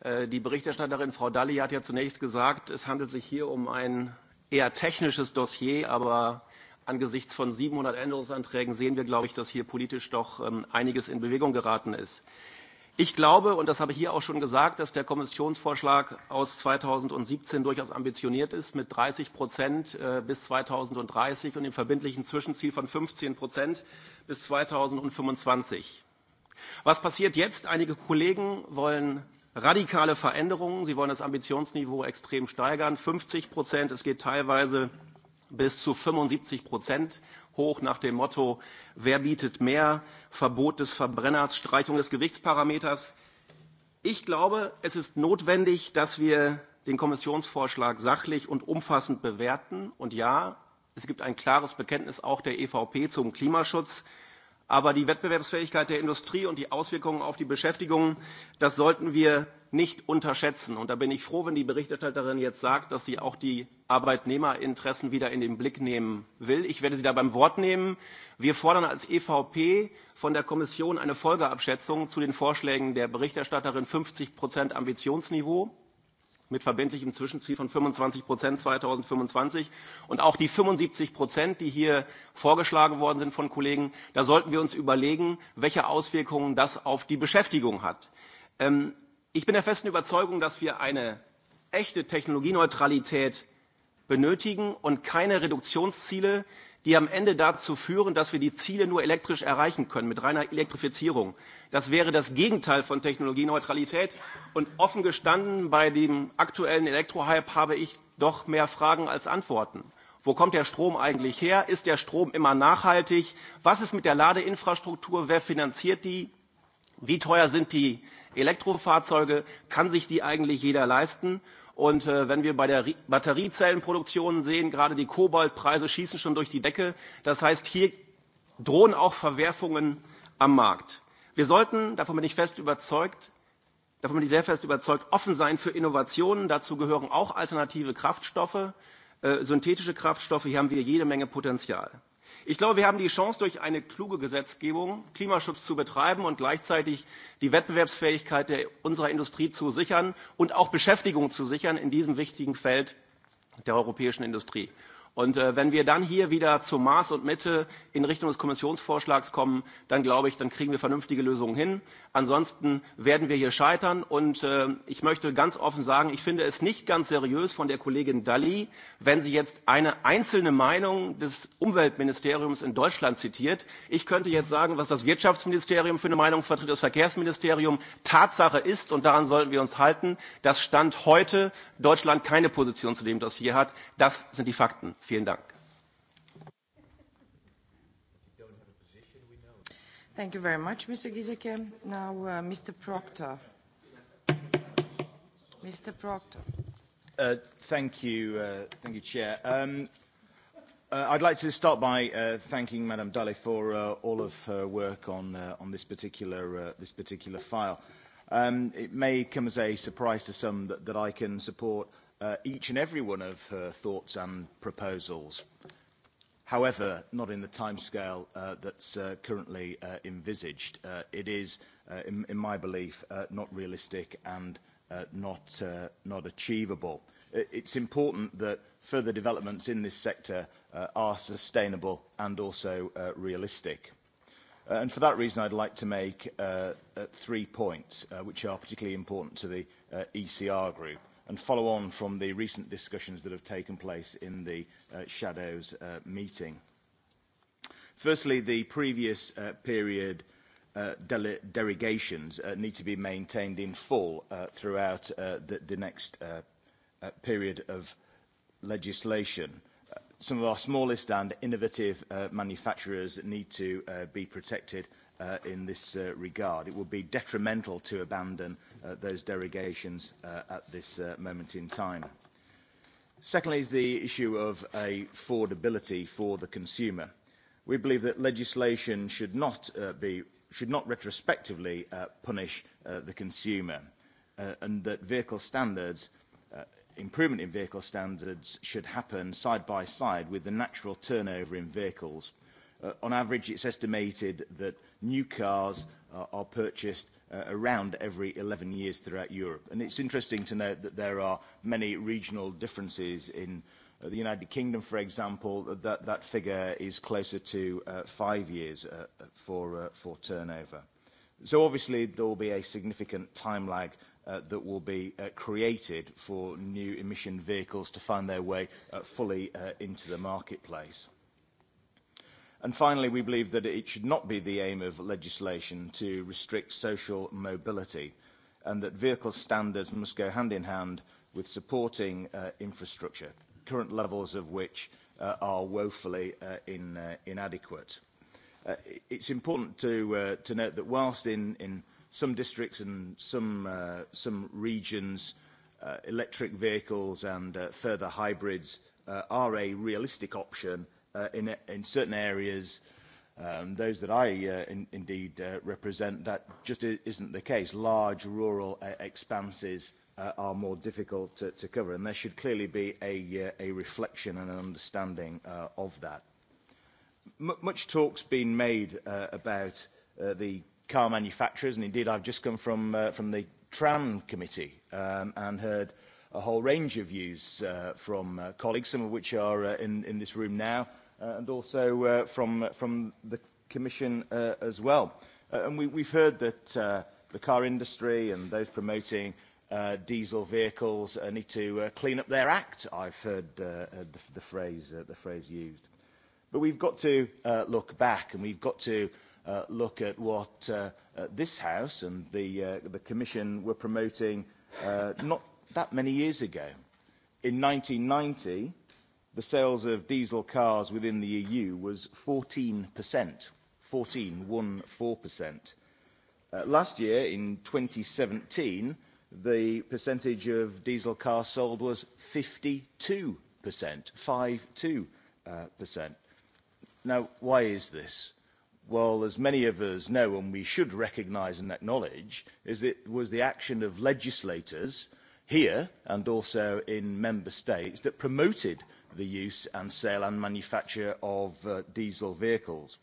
Äh, die Berichterstatterin, Frau Dalli, hat ja zunächst gesagt, es handelt sich hier um ein eher technisches Dossier, aber angesichts von 700 Änderungsanträgen sehen wir, glaube ich, dass hier politisch doch ähm, einiges in Bewegung geraten ist. Äh, Ich glaube, und das habe ich hier auch schon gesagt, dass der Kommissionsvorschlag aus 2017 durchaus ambitioniert ist, mit 30 Prozent äh, bis 2030 und dem verbindlichen Zwischenziel von 15 Prozent bis 2025. Was passiert jetzt? Einige Kollegen wollen radikale Veränderungen. Sie wollen das Ambitionsniveau extrem steigern, 50 Prozent. Es geht teilweise bis zu 75 Prozent hoch nach dem Motto, wer bietet mehr, Verbot des Verbrenners, Streichung des Gewichtsparameters. Ich glaube, es ist notwendig, dass wir den Kommissionsvorschlag sachlich und umfassend bewerten. Und ja, es gibt ein klares Bekenntnis auch der EVP zum Klimaschutz. Aber die Wettbewerbsfähigkeit der Industrie und die Auswirkungen auf die Beschäftigung, das sollten wir nicht unterschätzen. Und da bin ich froh, wenn die Berichterstatterin jetzt sagt, dass sie auch die Arbeitnehmerinteressen wieder in den Blick nehmen will. Ich werde sie da beim Wort nehmen. Wir fordern als EVP von der Kommission eine Folgeabschätzung zu den Vorschlägen der Berichterstatterin 50 Prozent Ambitionsniveau mit verbindlichem Zwischenziel von 25 Prozent 2025. Und auch die 75 Prozent, die hier vorgeschlagen worden sind von Kollegen, da sollten wir uns überlegen, welche Auswirkungen das auf die Beschäftigung hat. Ähm, ich bin der festen Überzeugung, dass wir eine echte Technologieneutralität benötigen und keine Reduktionsziele, die am Ende dazu führen, dass wir die Ziele nur elektrisch erreichen können, mit reiner Elektrifizierung. Das wäre das Gegenteil von Technologieneutralität. Und offen gestanden, bei dem aktuellen Elektrohype habe ich doch mehr Fragen als Antworten. Wo kommt der Strom eigentlich her? Ist der Strom immer nachhaltig? Was ist mit der Ladeinfrastruktur? Wer finanziert die? Wie teuer sind die Elektrofahrzeuge? Kann sich die eigentlich jeder leisten? Und äh, wenn wir bei der Rie Batteriezellenproduktion sehen, gerade die Kobaltpreise schießen schon durch die Decke. Das heißt, hier drohen auch Verwerfungen am Markt. Wir sollten, davon bin ich fest überzeugt, davon bin ich sehr fest überzeugt, offen sein für Innovationen. Dazu gehören auch alternative Kraftstoffe, äh, synthetische Kraftstoffe. Hier haben wir jede Menge Potenzial. Ich glaube, wir haben die Chance, durch eine kluge Gesetzgebung Klimaschutz zu betreiben und gleichzeitig die Wettbewerbsfähigkeit der, unserer Industrie zu sichern und auch Beschäftigung zu sichern in diesem wichtigen Feld der europäischen Industrie. Und äh, wenn wir dann hier wieder zu Maß und Mitte in Richtung des Kommissionsvorschlags kommen, dann glaube ich, dann kriegen wir vernünftige Lösungen hin. Ansonsten werden wir hier scheitern. Und äh, ich möchte ganz offen sagen, ich finde es nicht ganz seriös von der Kollegin Dalli, wenn sie jetzt eine einzelne Meinung des Umweltministeriums in Deutschland zitiert. Ich könnte jetzt sagen, was das Wirtschaftsministerium für eine Meinung vertritt, das Verkehrsministerium. Tatsache ist, und daran sollten wir uns halten, dass Stand heute Deutschland keine Position zu dem Dossier hat. Das sind die Fakten. Vielen Dank. Thank you very much, Mr. Giesecke. Now, uh, Mr. Proctor. Mr. Proctor. Uh, thank you, uh, thank you, Chair. Um, uh, I'd like to start by uh, thanking Madame Dalli for uh, all of her work on uh, on this particular uh, this particular file. Um, it may come as a surprise to some that, that I can support uh, uh, each and every one of her thoughts and proposals. However, not in the timescale uh, that's uh, currently uh, envisaged. Uh, it is, uh, in, in my belief, uh, not realistic and uh, not, uh, not achievable. It's important that further developments in this sector uh, are sustainable and also uh, realistic. Uh, and for that reason, I'd like to make uh, uh, three points, uh, which are particularly important to the uh, ECR group. Uh, and follow on from the recent discussions that have taken place in the uh, Shadows uh, meeting. Firstly, the previous uh, period uh, dele derogations uh, need to be maintained in full uh, throughout uh, the, the next uh, uh, period of legislation. Uh, some of our smallest and innovative uh, manufacturers need to uh, be protected uh, uh, in this uh, regard. It would be detrimental to abandon uh, those derogations uh, at this uh, moment in time. Secondly is the issue of affordability for the consumer. We believe that legislation should not, uh, be, should not retrospectively uh, punish uh, the consumer uh, and that vehicle standards, uh, improvement in vehicle standards should happen side by side with the natural turnover in vehicles uh, uh, on average, it's estimated that new cars uh, are purchased uh, around every 11 years throughout Europe. And it's interesting to note that there are many regional differences in uh, the United Kingdom, for example, that, that figure is closer to uh, five years uh, for, uh, for turnover. So obviously there will be a significant time lag uh, that will be uh, created for new emission vehicles to find their way uh, fully uh, into the marketplace. And finally, we believe that it should not be the aim of legislation to restrict social mobility and that vehicle standards must go hand in hand with supporting uh, infrastructure, current levels of which uh, are woefully uh, in, uh, inadequate. Uh, it's important to, uh, to note that whilst in, in some districts and some, uh, some regions, uh, electric vehicles and uh, further hybrids uh, are a realistic option uh, in, in certain areas, um, those that I uh, in, indeed uh, represent, that just isn't the case. Large rural uh, expanses uh, are more difficult to, to cover, and there should clearly be a, uh, a reflection and an understanding uh, of that. M much talk's been made uh, about uh, the car manufacturers, and indeed I've just come from, uh, from the TRAN committee um, and heard a whole range of views uh, from uh, colleagues, some of which are uh, in, in this room now, uh, uh, and also uh, from, from the Commission uh, as well. Uh, and we, we've heard that uh, the car industry and those promoting uh, diesel vehicles uh, need to uh, clean up their act. I've heard uh, uh the, the, phrase, uh, the phrase used. But we've got to uh, look back and we've got to uh, look at what uh, uh, this House and the, uh, the Commission were promoting uh, not that many years ago. In 1990, the sales of diesel cars within the EU was 14%, 14, 1, 4%. Uh, last year, in 2017, the percentage of diesel cars sold was 52%, 52%. Uh, percent. Now, why is this? well, as many of us know and we should recognise and acknowledge, is that it was the action of legislators here and also in member states that promoted the use and sale and manufacture of uh, diesel vehicles.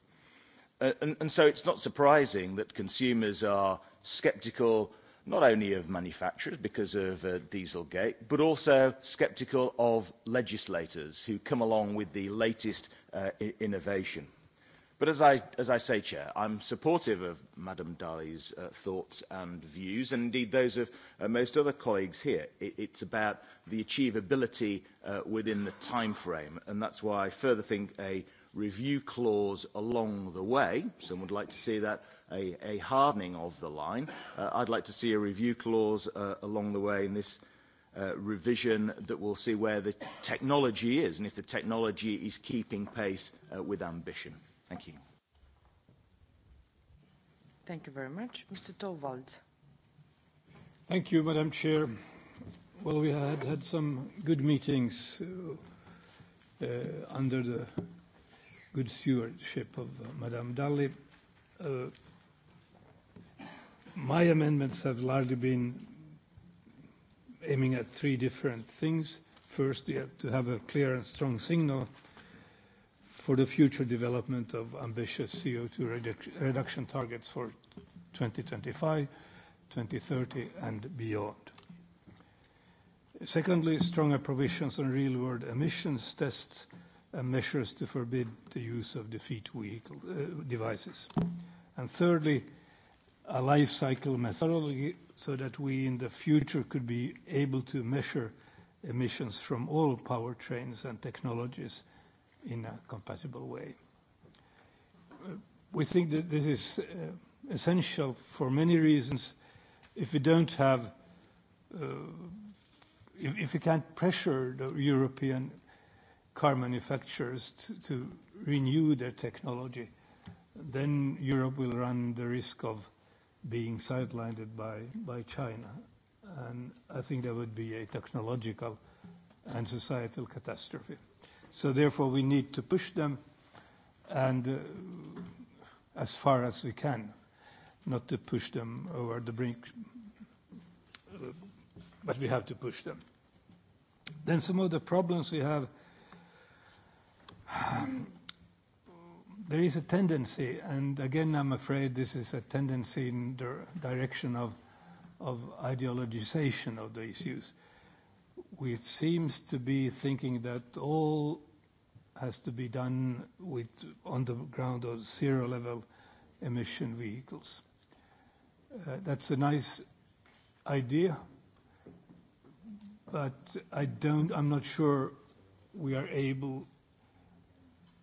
Uh, and, and so it's not surprising that consumers are sceptical not only of manufacturers because of uh, Dieselgate, but also sceptical of legislators who come along with the latest uh, innovation. But as I, as I say, Chair, I'm supportive of Madam Dali's uh, thoughts and views, and indeed those of uh, most other colleagues here. It, it's about the achievability uh, within the time frame, and that's why I further think a review clause along the way. Some would like to see that a, a hardening of the line. Uh, I'd like to see a review clause uh, along the way in this uh, revision that will see where the technology is and if the technology is keeping pace uh, with ambition. Thank you. Thank you very much. Mr. Torvalds. Thank you, Madam Chair. Well, we had had some good meetings uh, uh under the good stewardship of uh, Madame Dalli. Uh, my amendments have largely been aiming at three different things. First, we have to have a clear and strong signal uh, for the future development of ambitious CO2 reduc reduction targets for 2025, 2030, and beyond. Secondly, stronger provisions on real-world emissions tests and measures to forbid the use of defeat vehicle uh, devices. And thirdly, a life cycle methodology so that we in the future could be able to measure emissions from all powertrains and technologies in a compatible way. Uh, we think that this is uh, essential for many reasons. If we don't have, uh, if, if we can't pressure the European car manufacturers to, to renew their technology, then Europe will run the risk of being sidelined by, by China. And I think that would be a technological and societal catastrophe. So therefore, we need to push them and uh, as far as we can, not to push them over the brink, uh, but we have to push them. Then some of the problems we have, um, *sighs* there is a tendency, and again, I'm afraid this is a tendency in the direction of, of ideologization of the issues which seems to be thinking that all has to be done with on the ground or zero level emission vehicles. Uh, that's a nice idea, but I don't, I'm not sure we are able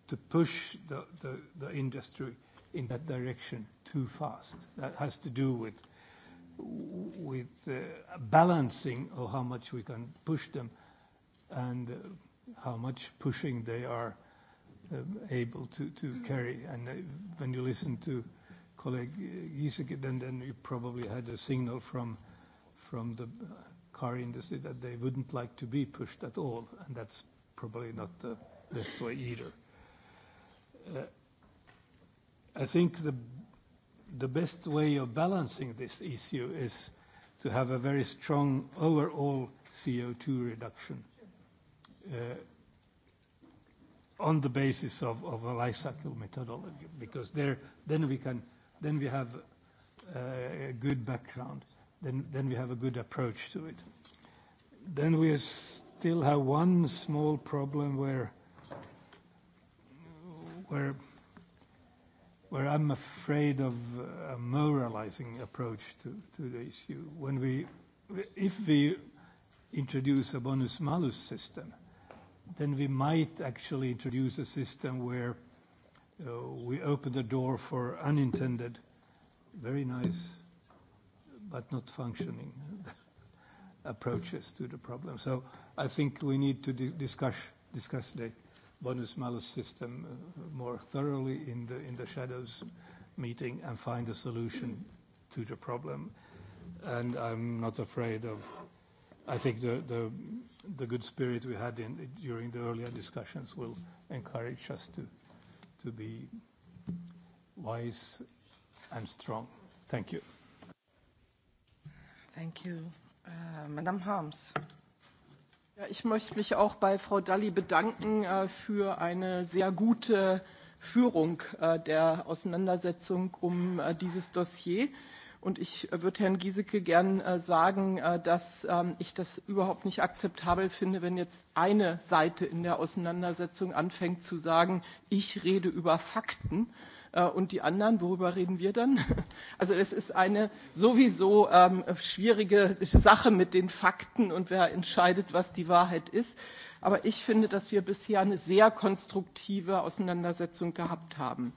to push the, the, the industry in that direction too fast. That has to do with with uh, balancing of how much we can push them and uh, how much pushing they are um, able to, to carry. And uh, when you listen to colleague Giesecke, uh, then, then you probably had a signal from, from the car industry that they wouldn't like to be pushed at all, and that's probably not the best way either. Uh, I think the the best way of balancing this issue is to have a very strong overall CO2 reduction uh, on the basis of, of a life cycle methodology, because there, then we can, then we have uh, a good background, then, then we have a good approach to it. Then we still have one small problem where, where where I'm afraid of a moralizing approach to, to the issue. When we, if we introduce a bonus-malus system, then we might actually introduce a system where uh, we open the door for unintended, very nice, but not functioning *laughs* approaches to the problem. So I think we need to di discuss, discuss the bonus-malus system uh, more thoroughly in the, in the shadows meeting and find a solution to the problem. And I'm not afraid of... I think the, the, the good spirit we had in, during the earlier discussions will encourage us to, to be wise and strong. Thank you. Thank you. Uh, Madam Harms. Ja, ich möchte mich auch bei Frau Dalli bedanken äh, für eine sehr gute Führung äh, der Auseinandersetzung um äh, dieses Dossier. Und ich äh, würde Herrn Giesecke gern äh, sagen, äh, dass äh, ich das überhaupt nicht akzeptabel finde, wenn jetzt eine Seite in der Auseinandersetzung anfängt zu sagen, ich rede über Fakten. Äh, Äh, und die anderen, worüber reden wir dann? *laughs* Also es ist eine sowieso ähm, schwierige Sache mit den Fakten und wer entscheidet, was die Wahrheit ist. Aber ich finde, dass wir bisher eine sehr konstruktive Auseinandersetzung gehabt haben.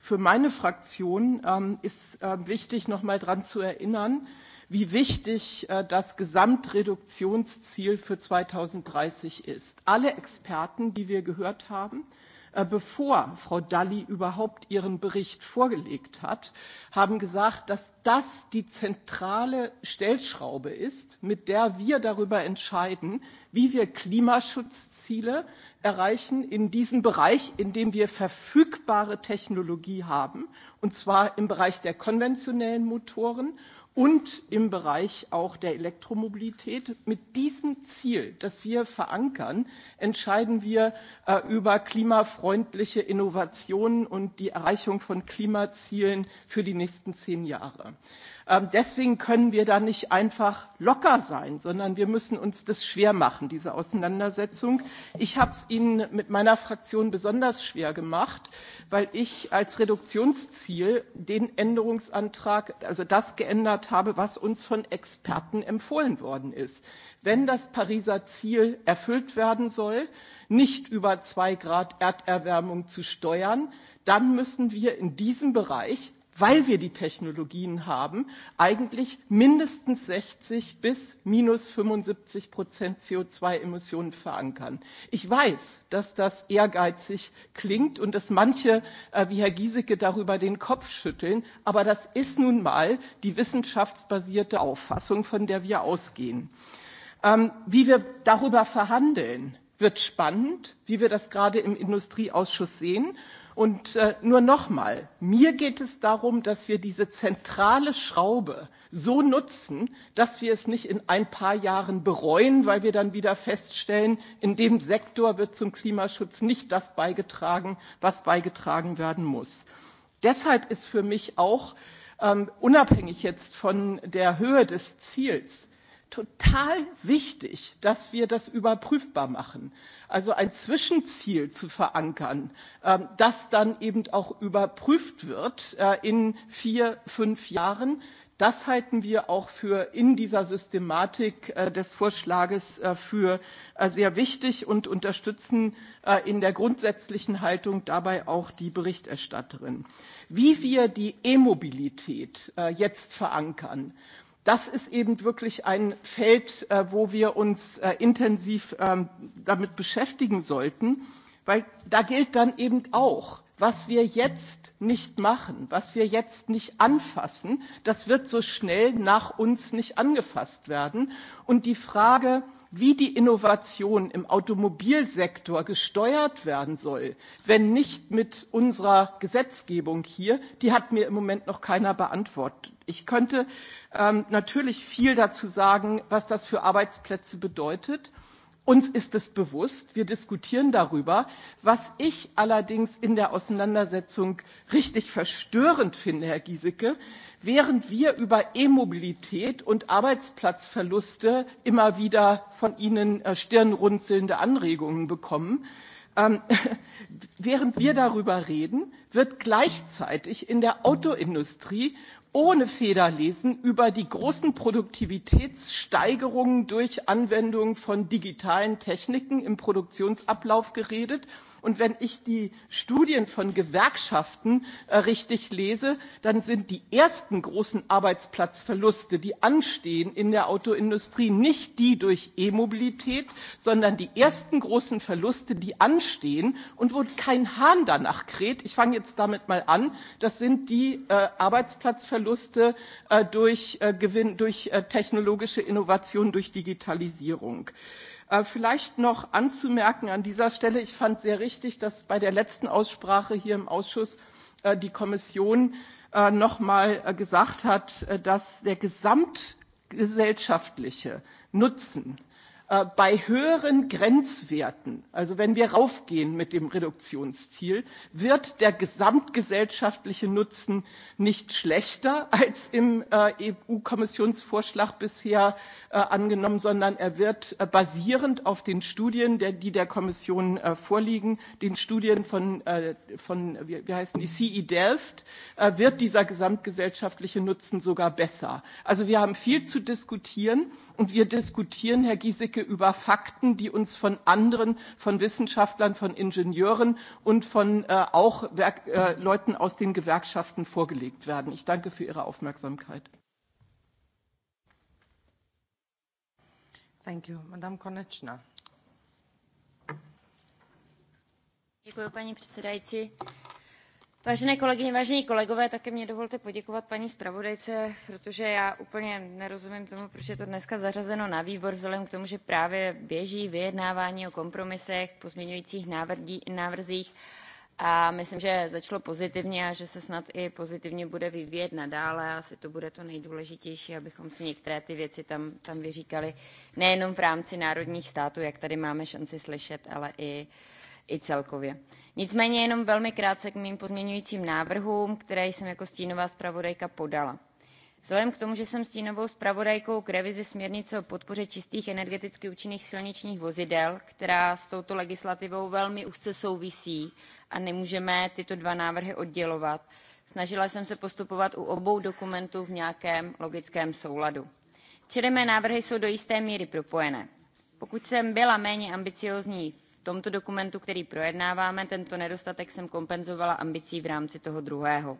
Für meine Fraktion ähm, ist äh, wichtig, nochmal daran zu erinnern, wie wichtig äh, das Gesamtreduktionsziel für 2030 ist. Alle Experten, die wir gehört haben, äh, Äh, bevor Frau Dalli überhaupt ihren Bericht vorgelegt hat, haben gesagt, dass das die zentrale Stellschraube ist, mit der wir darüber entscheiden, wie wir Klimaschutzziele erreichen in diesem Bereich, in dem wir verfügbare Technologie haben, und zwar im Bereich der konventionellen Motoren und im Bereich auch der Elektromobilität. Mit diesem Ziel, das wir verankern, entscheiden wir äh, über klimafreundliche Innovationen und die Erreichung von Klimazielen für die nächsten zehn Jahre. Ähm, deswegen können wir da nicht einfach locker sein, sondern wir müssen uns das schwer machen, diese Auseinandersetzung. Ich habe es Ihnen mit meiner Fraktion besonders schwer gemacht, weil ich als Reduktionsziel den Änderungsantrag, also das geändert habe, was uns von Experten empfohlen worden ist. Wenn das Pariser Ziel erfüllt werden soll, nicht über zwei Grad Erderwärmung zu steuern, dann müssen wir in diesem Bereich weil wir die Technologien haben, eigentlich mindestens 60 bis minus 75 Prozent CO2-Emissionen verankern. Ich weiß, dass das ehrgeizig klingt und dass manche, äh, wie Herr Giesecke, darüber den Kopf schütteln, aber das ist nun mal die wissenschaftsbasierte Auffassung, von der wir ausgehen. Ähm, wie wir darüber verhandeln, wird spannend, wie wir das gerade im Industrieausschuss sehen. Und äh, nur nochmal, mir geht es darum, dass wir diese zentrale Schraube so nutzen, dass wir es nicht in ein paar Jahren bereuen, weil wir dann wieder feststellen, in dem Sektor wird zum Klimaschutz nicht das beigetragen, was beigetragen werden muss. Deshalb ist für mich auch, ähm, unabhängig jetzt von der Höhe des Ziels, total wichtig, dass wir das überprüfbar machen. Also ein Zwischenziel zu verankern, ähm, das dann eben auch überprüft wird äh, in vier, fünf Jahren. Das halten wir auch für in dieser Systematik äh, des Vorschlages äh, für äh, sehr wichtig und unterstützen äh, in der grundsätzlichen Haltung dabei auch die Berichterstatterin. Wie wir die E-Mobilität äh, jetzt verankern, das ist eben wirklich ein Feld, äh, wo wir uns äh, intensiv ähm, damit beschäftigen sollten, weil da gilt dann eben auch, was wir jetzt nicht machen, was wir jetzt nicht anfassen, das wird so schnell nach uns nicht angefasst werden. Und die Frage, wie die Innovation im Automobilsektor gesteuert werden soll, wenn nicht mit unserer Gesetzgebung hier, die hat mir im Moment noch keiner beantwortet. Ich könnte ähm, natürlich viel dazu sagen, was das für Arbeitsplätze bedeutet. Uns ist es bewusst, wir diskutieren darüber. Was ich allerdings in der Auseinandersetzung richtig verstörend finde, Herr Giesecke, während wir über e mobilität und arbeitsplatzverluste immer wieder von ihnen äh, stirnrunzelnde anregungen bekommen ähm, *laughs* während wir darüber reden wird gleichzeitig in der autoindustrie ohne federlesen über die großen produktivitätssteigerungen durch anwendung von digitalen techniken im produktionsablauf geredet Und wenn ich die Studien von Gewerkschaften äh, richtig lese, dann sind die ersten großen Arbeitsplatzverluste, die anstehen in der Autoindustrie, nicht die durch E-Mobilität, sondern die ersten großen Verluste, die anstehen und wo kein Hahn danach kräht. Ich fange jetzt damit mal an. Das sind die äh, Arbeitsplatzverluste äh, durch äh, Gewinn, durch äh, technologische Innovation, durch Digitalisierung. Äh, Äh, vielleicht noch anzumerken an dieser Stelle, ich fand sehr richtig, dass bei der letzten Aussprache hier im Ausschuss äh, die Kommission äh, noch mal gesagt hat, dass der gesamtgesellschaftliche Nutzen äh, bei höheren Grenzwerten, also wenn wir raufgehen mit dem Reduktionsziel, wird der gesamtgesellschaftliche Nutzen nicht schlechter als im äh, EU-Kommissionsvorschlag bisher äh, angenommen, sondern er wird äh, basierend auf den Studien, der, die der Kommission äh, vorliegen, den Studien von, äh, von wie, wie heißen die, CE Delft, äh, wird dieser gesamtgesellschaftliche Nutzen sogar besser. Also wir haben viel zu diskutieren Und wir diskutieren, Herr Giesecke, über Fakten, die uns von anderen, von Wissenschaftlern, von Ingenieuren und von äh, auch Werk, äh, Leuten aus den Gewerkschaften vorgelegt werden. Ich danke für Ihre Aufmerksamkeit. Thank you. Madame Konečná. Děkuji, paní předsedající. Uh, Vážené kolegyně, vážení kolegové, také mě dovolte poděkovat paní zpravodajce, protože já úplně nerozumím tomu, proč je to dneska zařazeno na výbor, vzhledem k tomu, že právě běží vyjednávání o kompromisech, pozměňujících návrzích a myslím, že začalo pozitivně a že se snad i pozitivně bude vyvíjet nadále. Asi to bude to nejdůležitější, abychom si některé ty věci tam, tam vyříkali nejenom v rámci národních států, jak tady máme šanci slyšet, ale i uh, i celkově. Nicméně jenom velmi krátce k mým pozměňujícím návrhům, které jsem jako stínová zpravodajka podala. Vzhledem k tomu, že jsem stínovou zpravodajkou k revizi směrnice o podpoře čistých energeticky účinných silničních vozidel, která s touto legislativou velmi úzce souvisí a nemůžeme tyto dva návrhy oddělovat, snažila jsem se postupovat u obou dokumentů v nějakém logickém souladu. Čili mé návrhy jsou do jisté míry propojené. Pokud jsem byla méně ambiciózní tomto dokumentu, který projednáváme, tento nedostatek jsem kompenzovala ambicí v rámci toho druhého.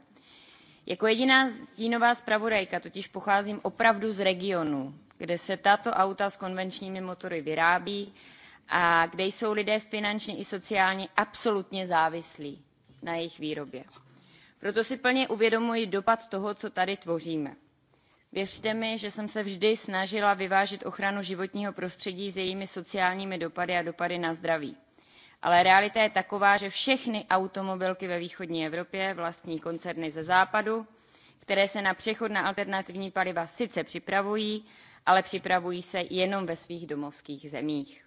Jako jediná stínová zpravodajka totiž pocházím opravdu z regionu, kde se tato auta s konvenčními motory vyrábí a kde jsou lidé finančně i sociálně absolutně závislí na jejich výrobě. Proto si plně uvědomuji dopad toho, co tady tvoříme Věřte mi, že jsem se vždy snažila vyvážit ochranu životního prostředí s jejími sociálními dopady a dopady na zdraví. Ale realita je taková, že všechny automobilky ve východní Evropě vlastní koncerny ze západu, které se na přechod na alternativní paliva sice připravují, ale připravují se jenom ve svých domovských zemích.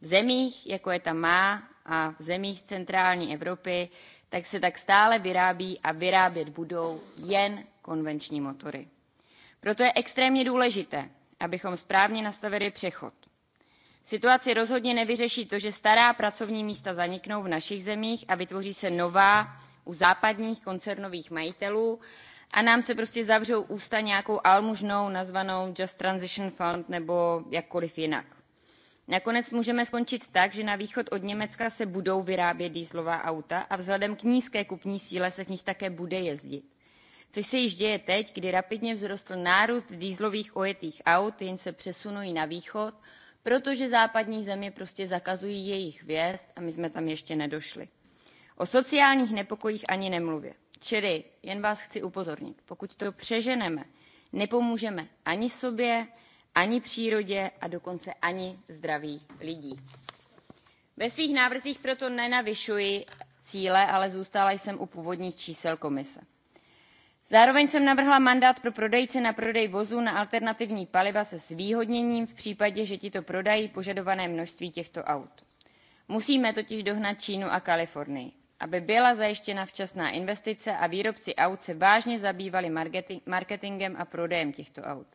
V zemích, jako je ta má a v zemích centrální Evropy, tak se tak stále vyrábí a vyrábět budou jen konvenční motory. Proto je extrémně důležité, abychom správně nastavili přechod. Situaci rozhodně nevyřeší to, že stará pracovní místa zaniknou v našich zemích a vytvoří se nová u západních koncernových majitelů a nám se prostě zavřou ústa nějakou almužnou nazvanou Just Transition Fund nebo jakkoliv jinak. Nakonec můžeme skončit tak, že na východ od Německa se budou vyrábět dýzlová auta a vzhledem k nízké kupní síle se v nich také bude jezdit což se již děje teď, kdy rapidně vzrostl nárůst dýzlových ojetých aut, jen se přesunují na východ, protože západní země prostě zakazují jejich vjezd a my jsme tam ještě nedošli. O sociálních nepokojích ani nemluvě. Čili jen vás chci upozornit, pokud to přeženeme, nepomůžeme ani sobě, ani přírodě a dokonce ani zdraví lidí. Ve svých návrzích proto nenavyšuji cíle, ale zůstala jsem u původních čísel komise zároveň jsem navrhla mandát pro prodejce na prodej vozů na alternativní paliva se zvýhodněním v případě že tito prodají požadované množství těchto aut. musíme totiž dohnat čínu a kalifornii aby byla zajištěna včasná investice a výrobci aut se vážně zabývali marketingem a prodejem těchto aut.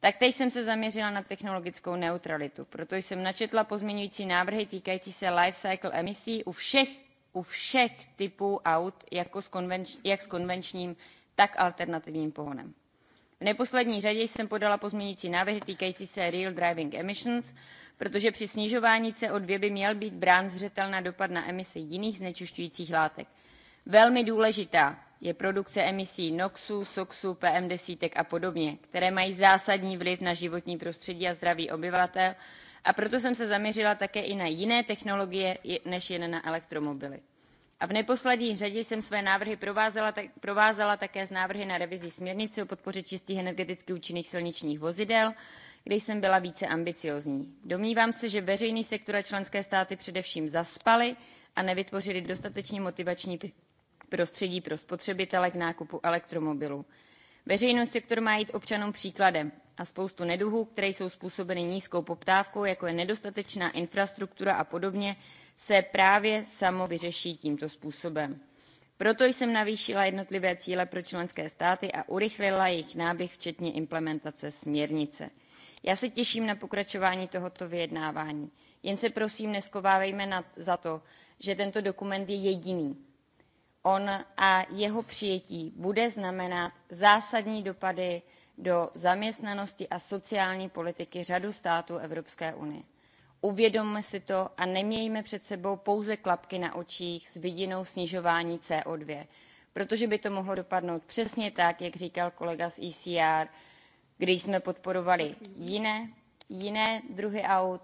taktéž jsem se zaměřila na technologickou neutralitu proto jsem načetla pozměňující návrhy týkající se life cycle emisí u všech, u všech typů aut jak s konvenčním tak alternativním pohonem. V neposlední řadě jsem podala pozměňující návrhy týkající se Real Driving Emissions, protože při snižování CO2 by měl být brán zřetel na dopad na emise jiných znečišťujících látek. Velmi důležitá je produkce emisí NOXu, SOXu, PM10 a podobně, které mají zásadní vliv na životní prostředí a zdraví obyvatel, a proto jsem se zaměřila také i na jiné technologie, než jen na elektromobily a v neposlední řadě jsem své návrhy provázela, tak, provázela také s návrhy na revizi směrnice o podpoře čistých energeticky účinných silničních vozidel, kde jsem byla více ambiciozní. Domnívám se, že veřejný sektor a členské státy především zaspaly a nevytvořili dostatečně motivační prostředí pro spotřebitele k nákupu elektromobilů. Veřejný sektor má jít občanům příkladem a spoustu neduhů, které jsou způsobeny nízkou poptávkou, jako je nedostatečná infrastruktura a podobně, se právě samo vyřeší tímto způsobem. Proto jsem navýšila jednotlivé cíle pro členské státy a urychlila jejich náběh, včetně implementace směrnice. Já se těším na pokračování tohoto vyjednávání. Jen se prosím neskovávejme na, za to, že tento dokument je jediný. On a jeho přijetí bude znamenat zásadní dopady do zaměstnanosti a sociální politiky řadu států Evropské unie uvědomme si to a nemějme před sebou pouze klapky na očích s vidinou snižování co two protože by to mohlo dopadnout přesně tak jak říkal kolega z ecr kdy jsme podporovali jiné, jiné druhy aut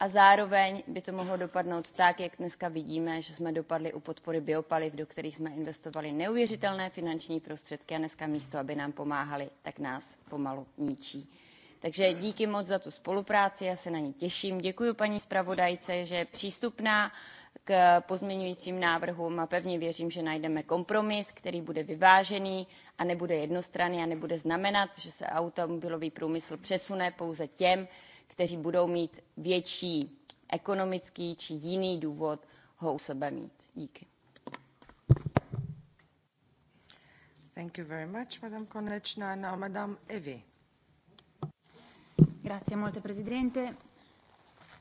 a zároveň by to mohlo dopadnout tak, jak dneska vidíme, že jsme dopadli u podpory biopaliv, do kterých jsme investovali neuvěřitelné finanční prostředky a dneska místo, aby nám pomáhali, tak nás pomalu ničí takže díky moc za tu spolupráci já se na ni těším děkuji paní zpravodajce že je přístupná k pozměňujícím návrhům a pevně věřím že najdeme kompromis který bude vyvážený a nebude jednostranný a nebude znamenat že se automobilový průmysl přesune pouze těm kteří budou mít větší ekonomický či jiný důvod ho u sebe mít. Díky. Thank you very much, Madam Konečná. Now, Madam Evi. Grazie molto Presidente.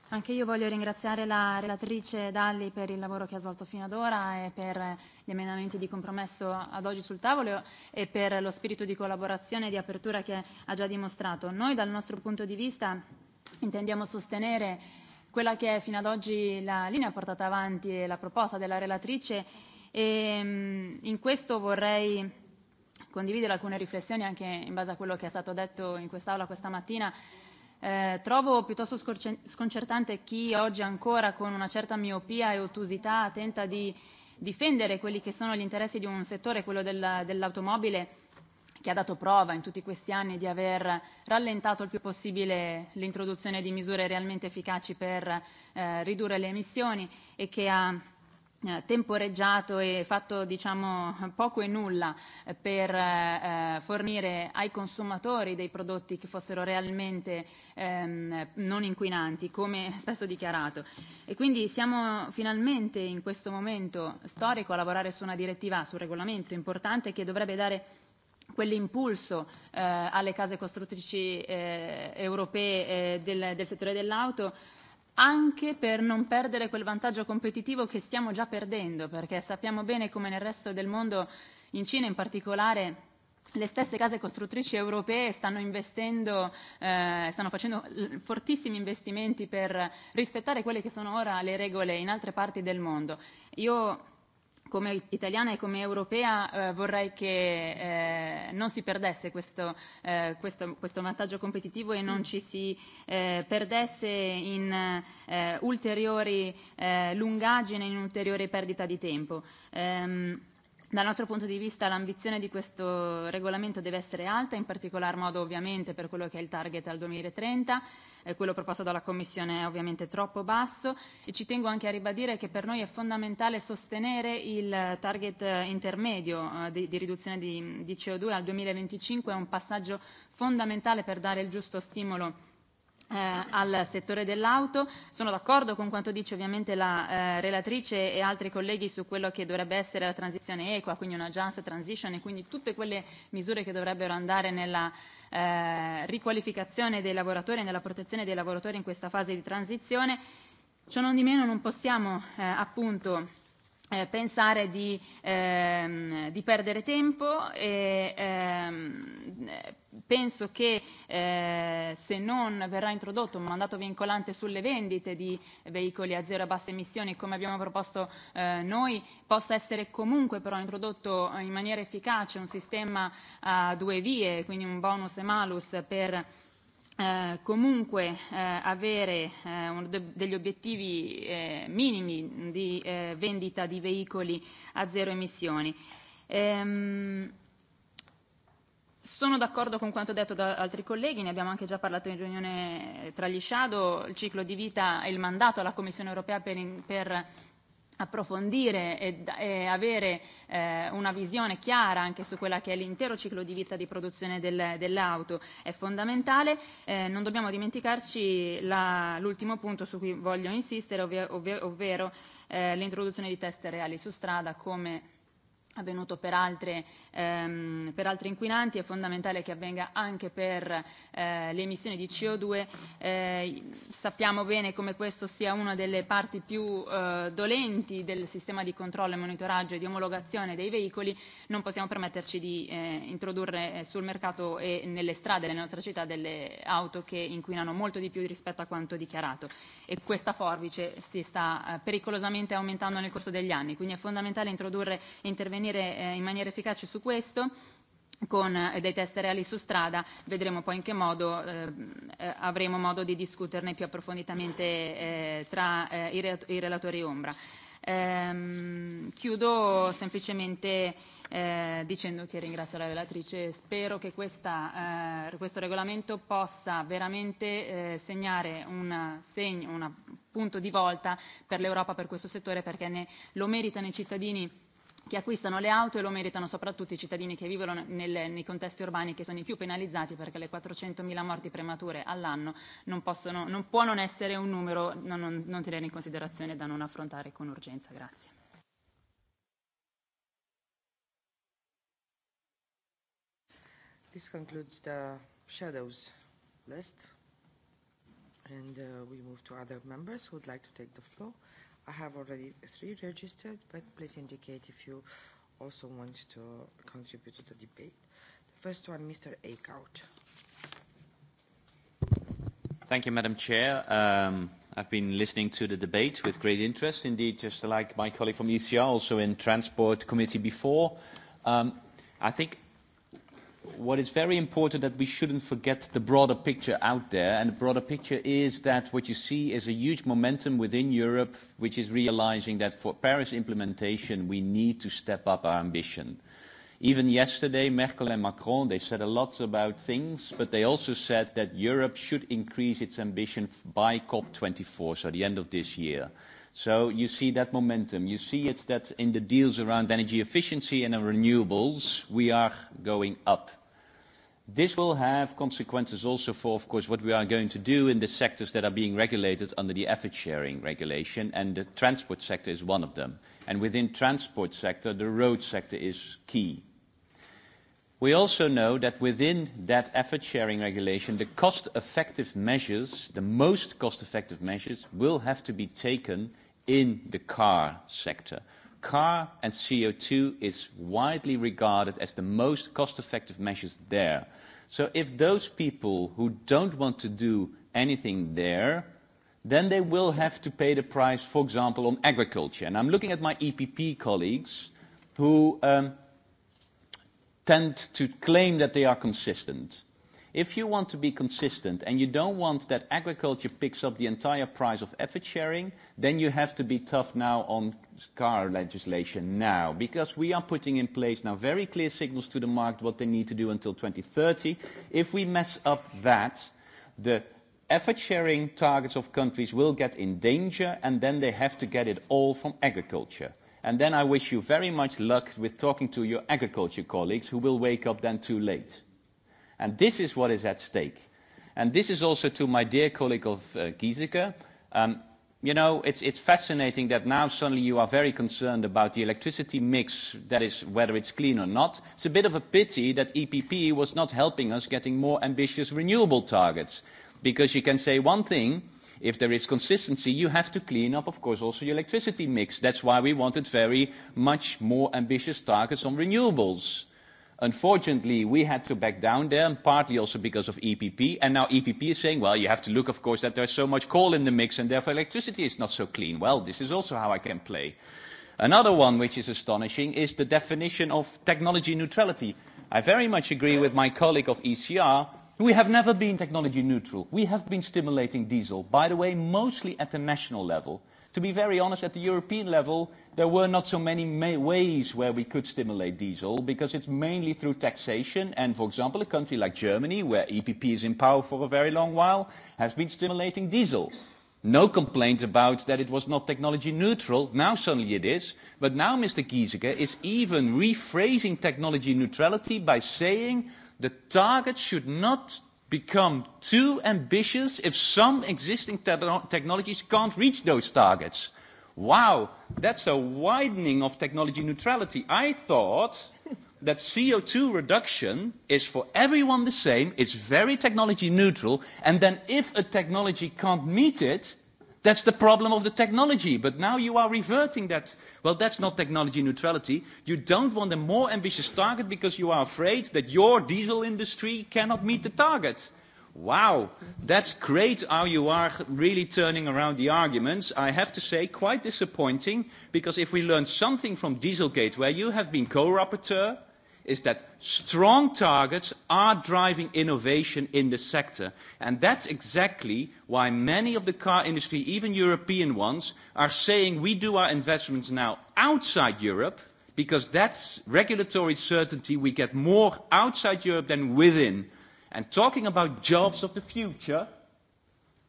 Anche io voglio ringraziare la relatrice Dalli per il lavoro che ha svolto fino ad ora e per gli emendamenti di compromesso ad oggi sul tavolo e per lo spirito di collaborazione e di apertura che ha già dimostrato. Noi dal nostro punto di vista intendiamo sostenere quella che è fino ad oggi la linea portata avanti e la proposta della relatrice e mm, in questo vorrei condividere alcune riflessioni anche in base a quello che è stato detto in quest'Aula questa mattina Eh, trovo piuttosto sconcertante chi oggi ancora con una certa miopia e ottusità tenta di difendere quelli che sono gli interessi di un settore, quello della, dell'automobile, che ha dato prova in tutti questi anni di aver rallentato il più possibile l'introduzione di misure realmente efficaci per eh, ridurre le emissioni e che ha Eh, temporeggiato e fatto diciamo poco e nulla eh, per eh, eh, fornire ai consumatori dei prodotti che fossero realmente ehm, non inquinanti, come *laughs* spesso dichiarato. E quindi siamo finalmente in questo momento storico a lavorare su una direttiva, su un regolamento importante che dovrebbe dare quell'impulso eh, alle case costruttrici eh, europee eh, del, del settore dell'auto anche per non perdere quel vantaggio competitivo che stiamo già perdendo, perché sappiamo bene come nel resto del mondo, in Cina in particolare, le stesse case costruttrici europee stanno investendo, eh, stanno facendo fortissimi investimenti per rispettare quelle che sono ora le regole in altre parti del mondo. Io come italiana e come europea eh, vorrei che eh, non si perdesse questo, eh, questo, questo vantaggio competitivo e non mm. ci si eh, perdesse in eh, ulteriori eh, lungaggini, in ulteriore perdita di tempo. Ehm, Dal nostro punto di vista l'ambizione di questo regolamento deve essere alta, in particolar modo ovviamente per quello che è il target al 2030, eh, quello proposto dalla Commissione è ovviamente troppo basso e ci tengo anche a ribadire che per noi è fondamentale sostenere il target eh, intermedio eh, di, di riduzione di, di CO2 al 2025, è un passaggio fondamentale per dare il giusto stimolo Eh, al settore dell'auto. Sono d'accordo con quanto dice ovviamente la eh, relatrice e altri colleghi su quello che dovrebbe essere la transizione equa, quindi una just transition e quindi tutte quelle misure che dovrebbero andare nella eh, riqualificazione dei lavoratori e nella protezione dei lavoratori in questa fase di transizione. Cionondimeno non possiamo appunto eh, pensare di, ehm, di perdere tempo e ehm, penso che eh, se non verrà introdotto un mandato vincolante sulle vendite di veicoli a zero e basse emissioni come abbiamo proposto eh, noi possa essere comunque però introdotto in maniera efficace un sistema a due vie quindi un bonus e malus per eh, comunque eh, avere eh, un de- degli obiettivi eh, minimi di eh, vendita di veicoli a zero emissioni. Ehm, Sono d'accordo con quanto detto da altri colleghi, ne abbiamo anche già parlato in riunione eh, tra gli shadow, il ciclo di vita e il mandato alla Commissione europea per, in, per approfondire e, e avere eh, una visione chiara anche su quella che è l'intero ciclo di vita di produzione del, dell'auto è fondamentale. Eh, non dobbiamo dimenticarci la, l'ultimo punto su cui voglio insistere, ovvia, ovvia, ovvero eh, l'introduzione di test reali su strada come avvenuto per altre, ehm, per altre inquinanti, è fondamentale che avvenga anche per eh, le emissioni di CO2. Eh, sappiamo bene come questo sia una delle parti più eh, dolenti del sistema di controllo e monitoraggio e di omologazione dei veicoli, non possiamo permetterci di eh, introdurre eh, sul mercato e nelle strade delle nostre città delle auto che inquinano molto di più rispetto a quanto dichiarato e questa forbice si sta eh, pericolosamente aumentando nel corso degli anni, quindi è fondamentale introdurre interventi intervenire eh, in maniera efficace su questo con eh, dei test reali su strada, vedremo poi in che modo ehm, eh, avremo modo di discuterne più approfonditamente eh, tra eh, i, re- i relatori ombra. Ehm, chiudo semplicemente eh, dicendo che ringrazio la relatrice e spero che questa, eh, questo regolamento possa veramente eh, segnare un segno, un punto di volta per l'Europa per questo settore perché ne, lo meritano i cittadini che acquistano le auto e lo meritano soprattutto i cittadini che vivono nelle, nei contesti urbani che sono i più penalizzati perché le 400.000 morti premature all'anno non, possono, non può non essere un numero da non, non tenere in considerazione e da non affrontare con urgenza. Grazie. This concludes the shadows list and uh, we move to other members who would like to take the floor. I have already three registered, but please indicate if you also want to contribute to the debate. The first one, Mr. Eickhout. Thank you, Madam Chair. Um, I've been listening to the debate with great interest. Indeed, just like my colleague from ECR, also in Transport Committee before. Um, I think what is very important that we shouldn't forget the broader picture out there, and the broader picture is that what you see is a huge momentum within Europe, which is realizing that for Paris implementation, we need to step up our ambition. Even yesterday, Merkel and Macron, they said a lot about things, but they also said that Europe should increase its ambition by COP24, so the end of this year. So you see that momentum. You see it that in the deals around energy efficiency and renewables, we are going up. This will have consequences also for, of course, what we are going to do in the sectors that are being regulated under the effort-sharing regulation, and the transport sector is one of them. And within transport sector, the road sector is key. We also know that within that effort-sharing regulation, the cost-effective measures, the most cost-effective measures, will have to be taken in the car sector. Car and CO2 is widely regarded as the most cost-effective measures there. So if those people who don't want to do anything there, then they will have to pay the price, for example, on agriculture. And I'm looking at my EPP colleagues who um, tend to claim that they are consistent If you want to be consistent and you don't want that agriculture picks up the entire price of effort sharing, then you have to be tough now on car legislation now, because we are putting in place now very clear signals to the market what they need to do until 2030. If we mess up that, the effort sharing targets of countries will get in danger, and then they have to get it all from agriculture. And then I wish you very much luck with talking to your agriculture colleagues who will wake up then too late. And this is what is at stake. And this is also to my dear colleague of uh, Giesecke. Um, you know, it's, it's fascinating that now suddenly you are very concerned about the electricity mix, that is, whether it's clean or not. It's a bit of a pity that EPP was not helping us getting more ambitious renewable targets. Because you can say one thing, if there is consistency, you have to clean up, of course, also your electricity mix. That's why we wanted very much more ambitious targets on renewables. Unfortunately, we had to back down there, and partly also because of EPP. And now EPP is saying, well, you have to look, of course, that there's so much coal in the mix, and therefore electricity is not so clean. Well, this is also how I can play. Another one which is astonishing is the definition of technology neutrality. I very much agree with my colleague of ECR. We have never been technology neutral. We have been stimulating diesel, by the way, mostly at the national level to be very honest, at the European level, there were not so many ways where we could stimulate diesel because it's mainly through taxation. And for example, a country like Germany, where EPP is in power for a very long while, has been stimulating diesel. No complaint about that it was not technology neutral. Now suddenly it is. But now Mr. Giesecke is even rephrasing technology neutrality by saying the target should not become too ambitious if some existing te technologies can't reach those targets. Wow, that's a widening of technology neutrality. I thought *laughs* that CO2 reduction is for everyone the same, it's very technology neutral, and then if a technology can't meet it, That's the problem of the technology. But now you are reverting that. Well, that's not technology neutrality. You don't want a more ambitious target because you are afraid that your diesel industry cannot meet the target. Wow, that's great how you are really turning around the arguments. I have to say, quite disappointing, because if we learn something from Dieselgate, where you have been co-rapporteur, is that strong targets are driving innovation in the sector. And that's exactly why many of the car industry, even European ones, are saying we do our investments now outside Europe because that's regulatory certainty. We get more outside Europe than within. And talking about jobs of the future,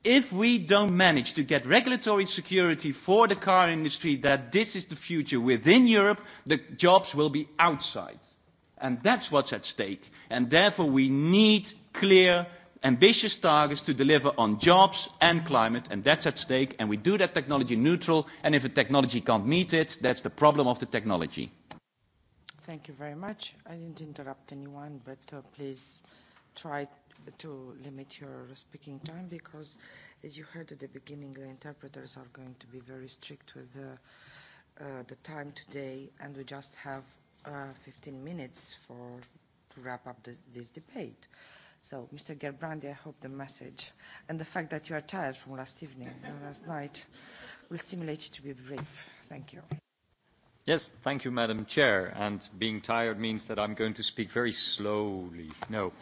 if we don't manage to get regulatory security for the car industry that this is the future within Europe, the jobs will be outside. And that's what's at stake. And therefore, we need clear, ambitious targets to deliver on jobs and climate, and that's at stake. And we do that technology neutral, and if a technology can't meet it, that's the problem of the technology. Thank you very much. I didn't interrupt anyone, but uh, please try to limit your speaking time because, as you heard at the beginning, the interpreters are going to be very strict with the, uh, the time today, and we just have uh, 15 minutes for to wrap up the, this debate. So, Mr. Gerbrandi, I hope the message and the fact that you are tired from last evening and uh, last night will stimulate you to be brief. Thank you. Yes, thank you, Madam Chair. And being tired means that I'm going to speak very slowly. No,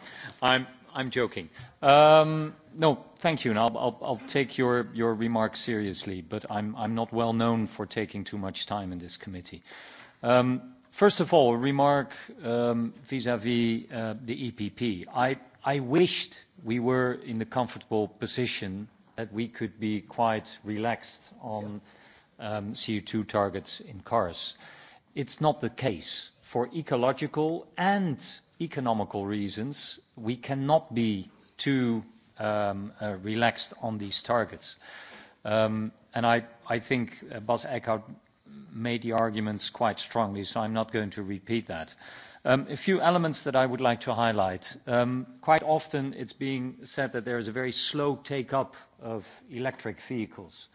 I'm, I'm joking. Um, no, thank you, and I'll, I'll, I'll take your, your remarks seriously, but I'm, I'm not well known for taking too much time in this committee. Um, First of all, a remark um, vis-à-vis um, -vis, uh, the EPP. I, I wished we were in the comfortable position that we could be quite relaxed on um, CO2 targets in cars. It's not the case. For ecological and economical reasons, we cannot be too um, uh, relaxed on these targets. Um, and I, I think uh, Bas Eickhout made the arguments quite strongly, so I'm not going to repeat that. Um, a few elements that I would like to highlight. Um, quite often it's being said that there is a very slow take-up of electric vehicles.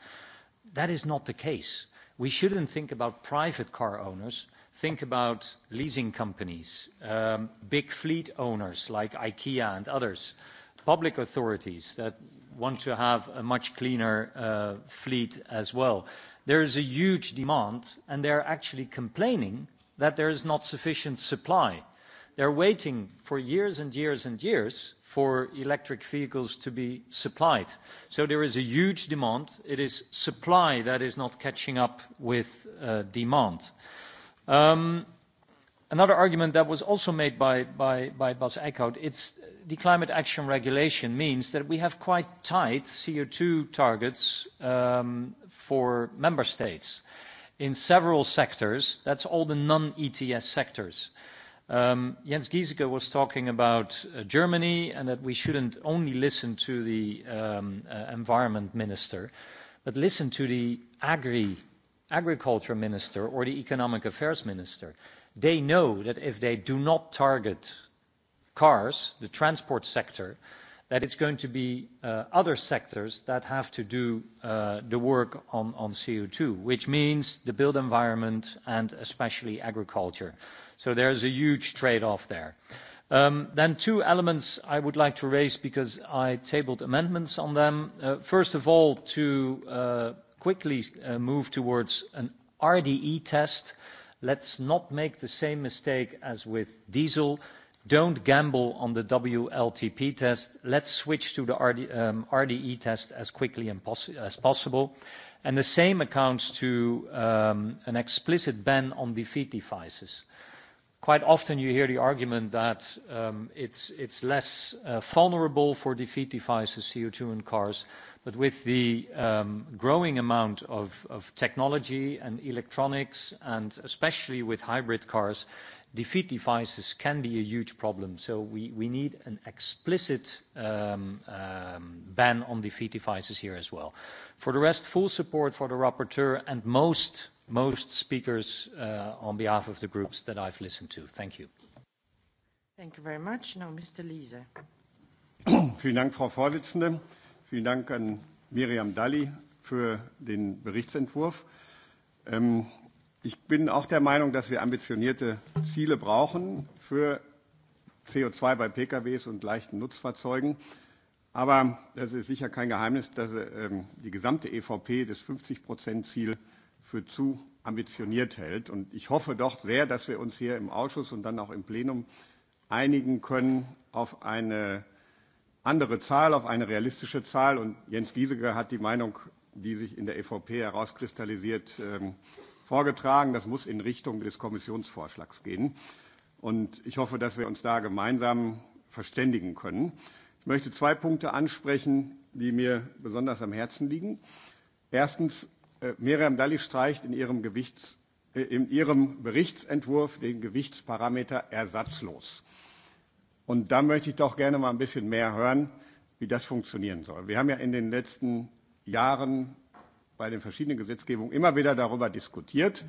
That is not the case. We shouldn't think about private car owners. Think about leasing companies, um, big fleet owners like IKEA and others, public authorities that want to have a much cleaner uh, fleet as well. There is a huge demand, and they're actually complaining that there is not sufficient supply. They're waiting for years and years and years for electric vehicles to be supplied. So there is a huge demand. It is supply that is not catching up with uh, demand. Um, another argument that was also made by, by, by Bas Eickhout, it's the climate action regulation means that we have quite tight CO2 targets um, for member states in several sectors. That's all the non-ETS sectors. Um, Jens Gieseke was talking about uh, Germany and that we shouldn't only listen to the um, uh, environment minister, but listen to the agri, agriculture minister or the economic affairs minister. They know that if they do not target cars, the transport sector, that it's going to be uh, other sectors that have to do uh, the work on, on CO2, which means the built environment and especially agriculture. So there's a huge trade-off there. Um, then two elements I would like to raise because I tabled amendments on them. Uh, first of all, to uh, quickly uh, move towards an RDE test. Let's not make the same mistake as with diesel, Don't gamble on the WLTP test. Let's switch to the RD, um, RDE test as quickly as possible. And the same accounts to um, an explicit ban on defeat devices. Quite often you hear the argument that um, it's, it's less uh, vulnerable for defeat devices, CO2 in cars. But with the um, growing amount of, of technology and electronics, and especially with hybrid cars, defeat devices can be a huge problem. So we, we need an explicit um, um, ban on defeat devices here as well. For the rest, full support for the rapporteur and most, most speakers uh, on behalf of the groups that I've listened to. Thank you. Thank you very much. Now, Mr. Liese. *clears throat* Vielen Dank, Frau Vorsitzende. Vielen Dank an Miriam Dalli für den Berichtsentwurf. Ähm, Ich bin auch der Meinung, dass wir ambitionierte Ziele brauchen für CO2 bei PKWs und leichten Nutzfahrzeugen. Aber es ist sicher kein Geheimnis, dass ähm, die gesamte EVP das 50-Prozent-Ziel für zu ambitioniert hält. Und ich hoffe doch sehr, dass wir uns hier im Ausschuss und dann auch im Plenum einigen können auf eine andere Zahl, auf eine realistische Zahl. Und Jens Giesecke hat die Meinung, die sich in der EVP herauskristallisiert, ähm, vorgetragen. Das muss in Richtung des Kommissionsvorschlags gehen. Und ich hoffe, dass wir uns da gemeinsam verständigen können. Ich möchte zwei Punkte ansprechen, die mir besonders am Herzen liegen. Erstens, äh, Miriam Dalli streicht in ihrem, Gewichts, äh, in ihrem Berichtsentwurf den Gewichtsparameter ersatzlos. Und da möchte ich doch gerne mal ein bisschen mehr hören, wie das funktionieren soll. Wir haben ja in den letzten Jahren bei den verschiedenen Gesetzgebungen immer wieder darüber diskutiert.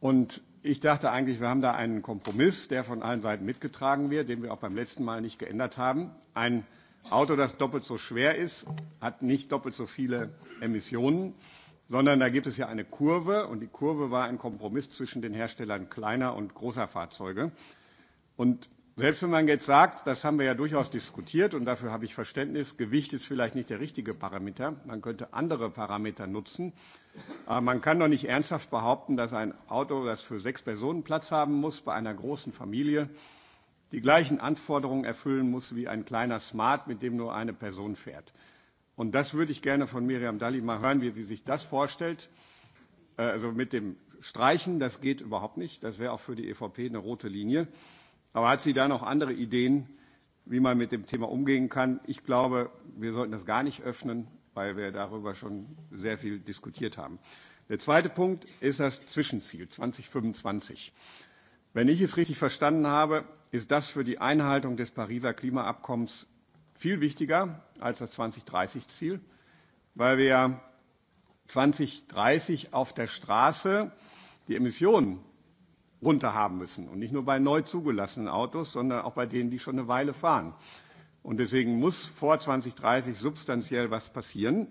Und ich dachte eigentlich, wir haben da einen Kompromiss, der von allen Seiten mitgetragen wird, den wir auch beim letzten Mal nicht geändert haben. Ein Auto, das doppelt so schwer ist, hat nicht doppelt so viele Emissionen, sondern da gibt es ja eine Kurve und die Kurve war ein Kompromiss zwischen den Herstellern kleiner und großer Fahrzeuge. Und Selbst wenn man jetzt sagt, das haben wir ja durchaus diskutiert und dafür habe ich Verständnis, Gewicht ist vielleicht nicht der richtige Parameter, man könnte andere Parameter nutzen. Aber man kann doch nicht ernsthaft behaupten, dass ein Auto, das für sechs Personen Platz haben muss, bei einer großen Familie die gleichen Anforderungen erfüllen muss wie ein kleiner Smart, mit dem nur eine Person fährt. Und das würde ich gerne von Miriam Dalli mal hören, wie sie sich das vorstellt. Äh, also mit dem Streichen, das geht überhaupt nicht. Das wäre auch für die EVP eine rote Linie. Aber hat sie da noch andere Ideen, wie man mit dem Thema umgehen kann? Ich glaube, wir sollten das gar nicht öffnen, weil wir darüber schon sehr viel diskutiert haben. Der zweite Punkt ist das Zwischenziel 2025. Wenn ich es richtig verstanden habe, ist das für die Einhaltung des Pariser Klimaabkommens viel wichtiger als das 2030-Ziel, weil wir 2030 auf der Straße die Emissionen runter haben müssen. Und nicht nur bei neu zugelassenen Autos, sondern auch bei denen, die schon eine Weile fahren. Und deswegen muss vor 2030 substanziell was passieren.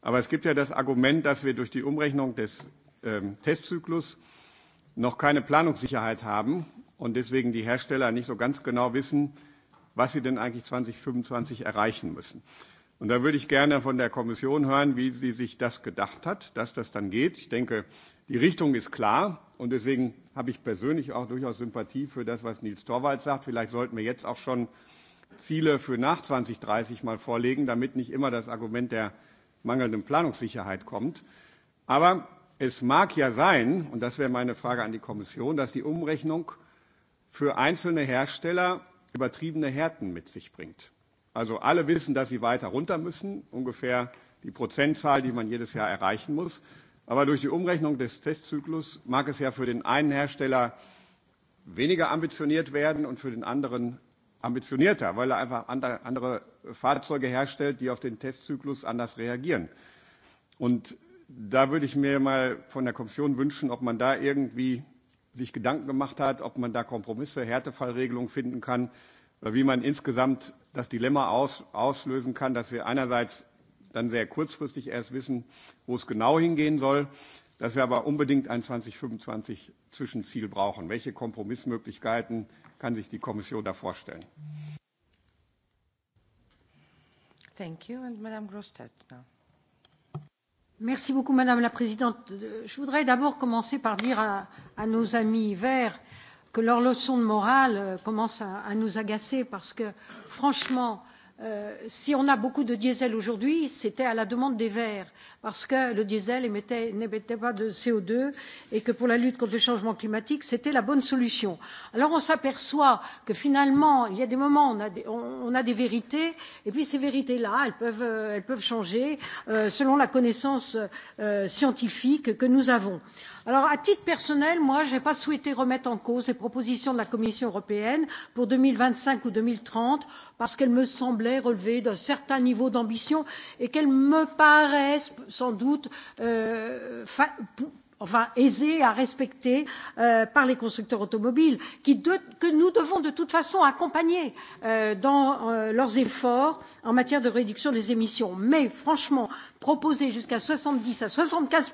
Aber es gibt ja das Argument, dass wir durch die Umrechnung des ähm, Testzyklus noch keine Planungssicherheit haben und deswegen die Hersteller nicht so ganz genau wissen, was sie denn eigentlich 2025 erreichen müssen. Und da würde ich gerne von der Kommission hören, wie sie sich das gedacht hat, dass das dann geht. Ich denke, die Richtung ist klar. Und deswegen habe ich persönlich auch durchaus Sympathie für das, was Nils Torvalds sagt. Vielleicht sollten wir jetzt auch schon Ziele für nach 2030 mal vorlegen, damit nicht immer das Argument der mangelnden Planungssicherheit kommt. Aber es mag ja sein, und das wäre meine Frage an die Kommission, dass die Umrechnung für einzelne Hersteller übertriebene Härten mit sich bringt. Also alle wissen, dass sie weiter runter müssen, ungefähr die Prozentzahl, die man jedes Jahr erreichen muss. Aber durch die Umrechnung des Testzyklus mag es ja für den einen Hersteller weniger ambitioniert werden und für den anderen ambitionierter, weil er einfach andere Fahrzeuge herstellt, die auf den Testzyklus anders reagieren. Und da würde ich mir mal von der Kommission wünschen, ob man da irgendwie sich Gedanken gemacht hat, ob man da Kompromisse, Härtefallregelungen finden kann, oder wie man insgesamt das Dilemma aus, auslösen kann, dass wir einerseits dann sehr kurzfristig erst wissen, wo es genau hingehen soll, dass wir aber unbedingt ein 2025 Zwischenziel brauchen. Welche Kompromissmöglichkeiten kann sich die Kommission da vorstellen? Thank you. And Madame Grosstedt now. Merci beaucoup, Madame la Présidente. Euh, je voudrais d'abord commencer par dire à, à nos amis verts que leur leçon de morale euh, commence à, à nous agacer parce que, franchement, Euh, si on a beaucoup de diesel aujourd'hui, c'était à la demande des Verts, parce que le diesel émettait, n'émettait pas de CO2 et que pour la lutte contre le changement climatique, c'était la bonne solution. Alors on s'aperçoit que finalement, il y a des moments où on a des, on, on a des vérités, et puis ces vérités-là, elles peuvent, elles peuvent changer euh, selon la connaissance euh, scientifique que nous avons. Euh, Alors, à titre personnel, moi, je n'ai pas souhaité remettre en cause les propositions de la Commission européenne pour 2025 ou 2030 parce qu'elles me semblaient relever d'un certain niveau d'ambition et qu'elles me paraissent sans doute euh, enfin aisée à respecter euh, par les constructeurs automobiles, qui de, que nous devons de toute façon accompagner euh, dans euh, leurs efforts en matière de réduction des émissions. Mais franchement, proposer jusqu'à 70 à 75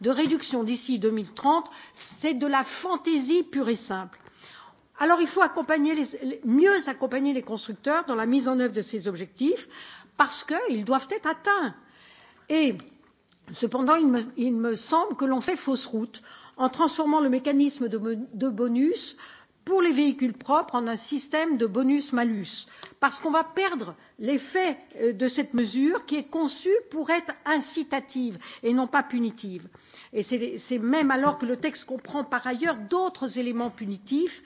de réduction d'ici 2030, c'est de la fantaisie pure et simple. Alors il faut accompagner les, mieux accompagner les constructeurs dans la mise en œuvre de ces objectifs parce qu'ils doivent être atteints. Et euh, Cependant, il me, il me semble que l'on fait fausse route en transformant le mécanisme de, de bonus pour les véhicules propres en un système de bonus-malus, parce qu'on va perdre l'effet euh, de cette mesure qui est conçue pour être incitative et non pas punitive. Et c'est même alors que le texte comprend par ailleurs d'autres éléments punitifs.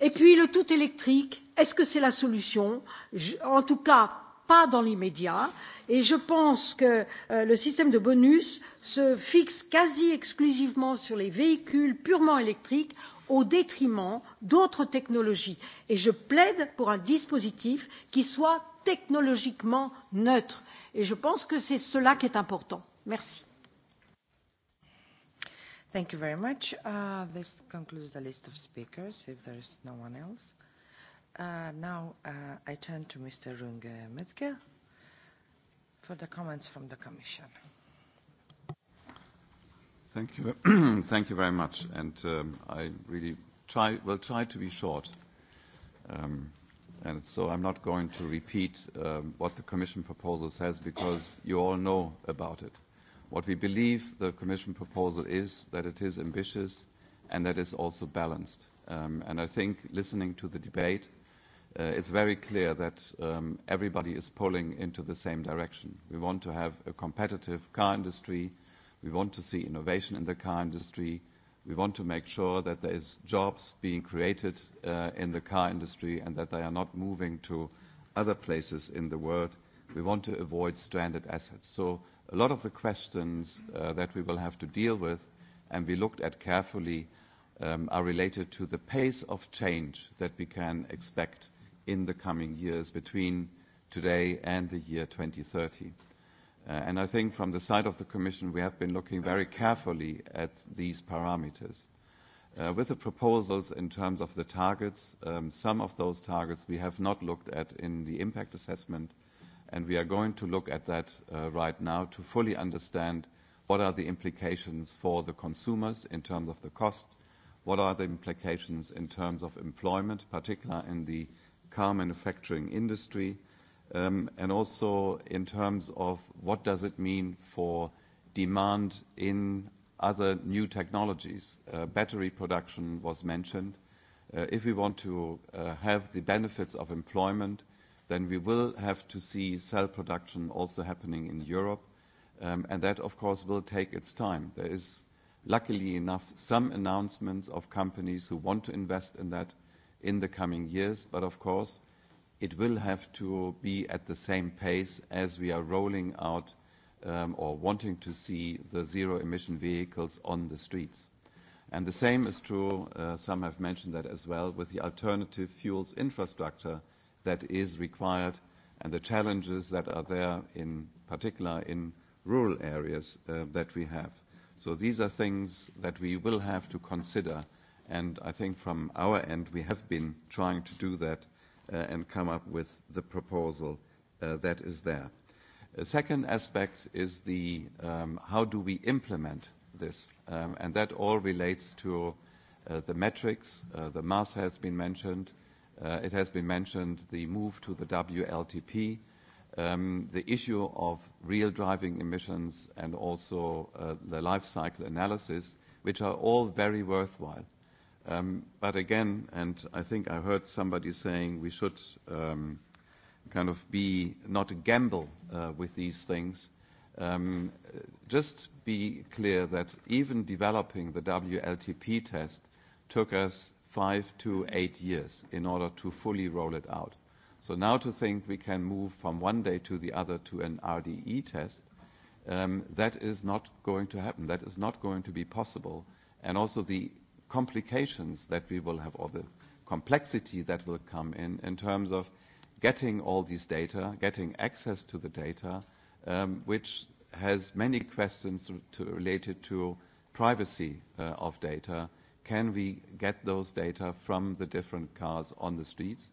Et puis le tout électrique, est-ce que c'est la solution Je, En tout cas, pas dans l'immédiat et je pense que euh, le système de bonus se fixe quasi exclusivement sur les véhicules purement électriques au détriment d'autres technologies et je plaide pour un dispositif qui soit technologiquement neutre et je pense que c'est cela qui est important. Merci. Thank you very much. Uh, this concludes the list of speakers if there is no one else. Uh, now uh, I turn to Mr. Runge Metzger for the comments from the Commission. Thank you. *clears throat* Thank you very much. And um, I really try, will try to be short. Um, and so I'm not going to repeat um, what the Commission proposal says because you all know about it. What we believe the Commission proposal is that it is ambitious and that it's also balanced. Um, and I think listening to the debate, uh, it's very clear that um, everybody is pulling into the same direction. We want to have a competitive car industry. We want to see innovation in the car industry. We want to make sure that there is jobs being created uh, in the car industry and that they are not moving to other places in the world. We want to avoid stranded assets. So a lot of the questions uh, that we will have to deal with and we looked at carefully um, are related to the pace of change that we can expect in the coming years between today and the year 2030. Uh, and I think from the side of the Commission, we have been looking very carefully at these parameters. Uh, with the proposals in terms of the targets, um, some of those targets we have not looked at in the impact assessment, and we are going to look at that uh, right now to fully understand what are the implications for the consumers in terms of the cost, what are the implications in terms of employment, particularly in the uh, car manufacturing industry? Um, and also in terms of what does it mean for demand in other new technologies? Uh, battery production was mentioned. Uh, if we want to uh, have the benefits of employment, then we will have to see cell production also happening in Europe. Um, and that, of course, will take its time. There is, luckily enough, some announcements of companies who want to invest in that, in the coming years. Of course, it will have to be at the same pace as we are rolling out um, or wanting to see the zero-emission vehicles on the streets. And the same is true, uh, some have mentioned that as well, with the alternative fuels infrastructure that is required and the challenges that are there, in particular in rural areas uh, that we have. So these are things that we will have to consider And I think from our end, we have been trying to do that uh, and come up with the proposal uh, that is there. A second aspect is the um, how do we implement this? Um, and that all relates to uh, the metrics. Uh, the mass has been mentioned. Uh, it has been mentioned the move to the WLTP, um, the issue of real driving emissions, and also uh, the life cycle analysis, which are all very worthwhile. Um, but again, and I think I heard somebody saying we should um, kind of be not gamble uh, with these things. Um, just be clear that even developing the WLTP test took us five to eight years in order to fully roll it out. So now to think we can move from one day to the other to an RDE test, um, that is not going to happen. That is not going to be possible. And also the complications that we will have or the complexity that will come in in terms of getting all these data, getting access to the data, um, which has many questions to, related to privacy uh, of data. Can we get those data from the different cars on the streets?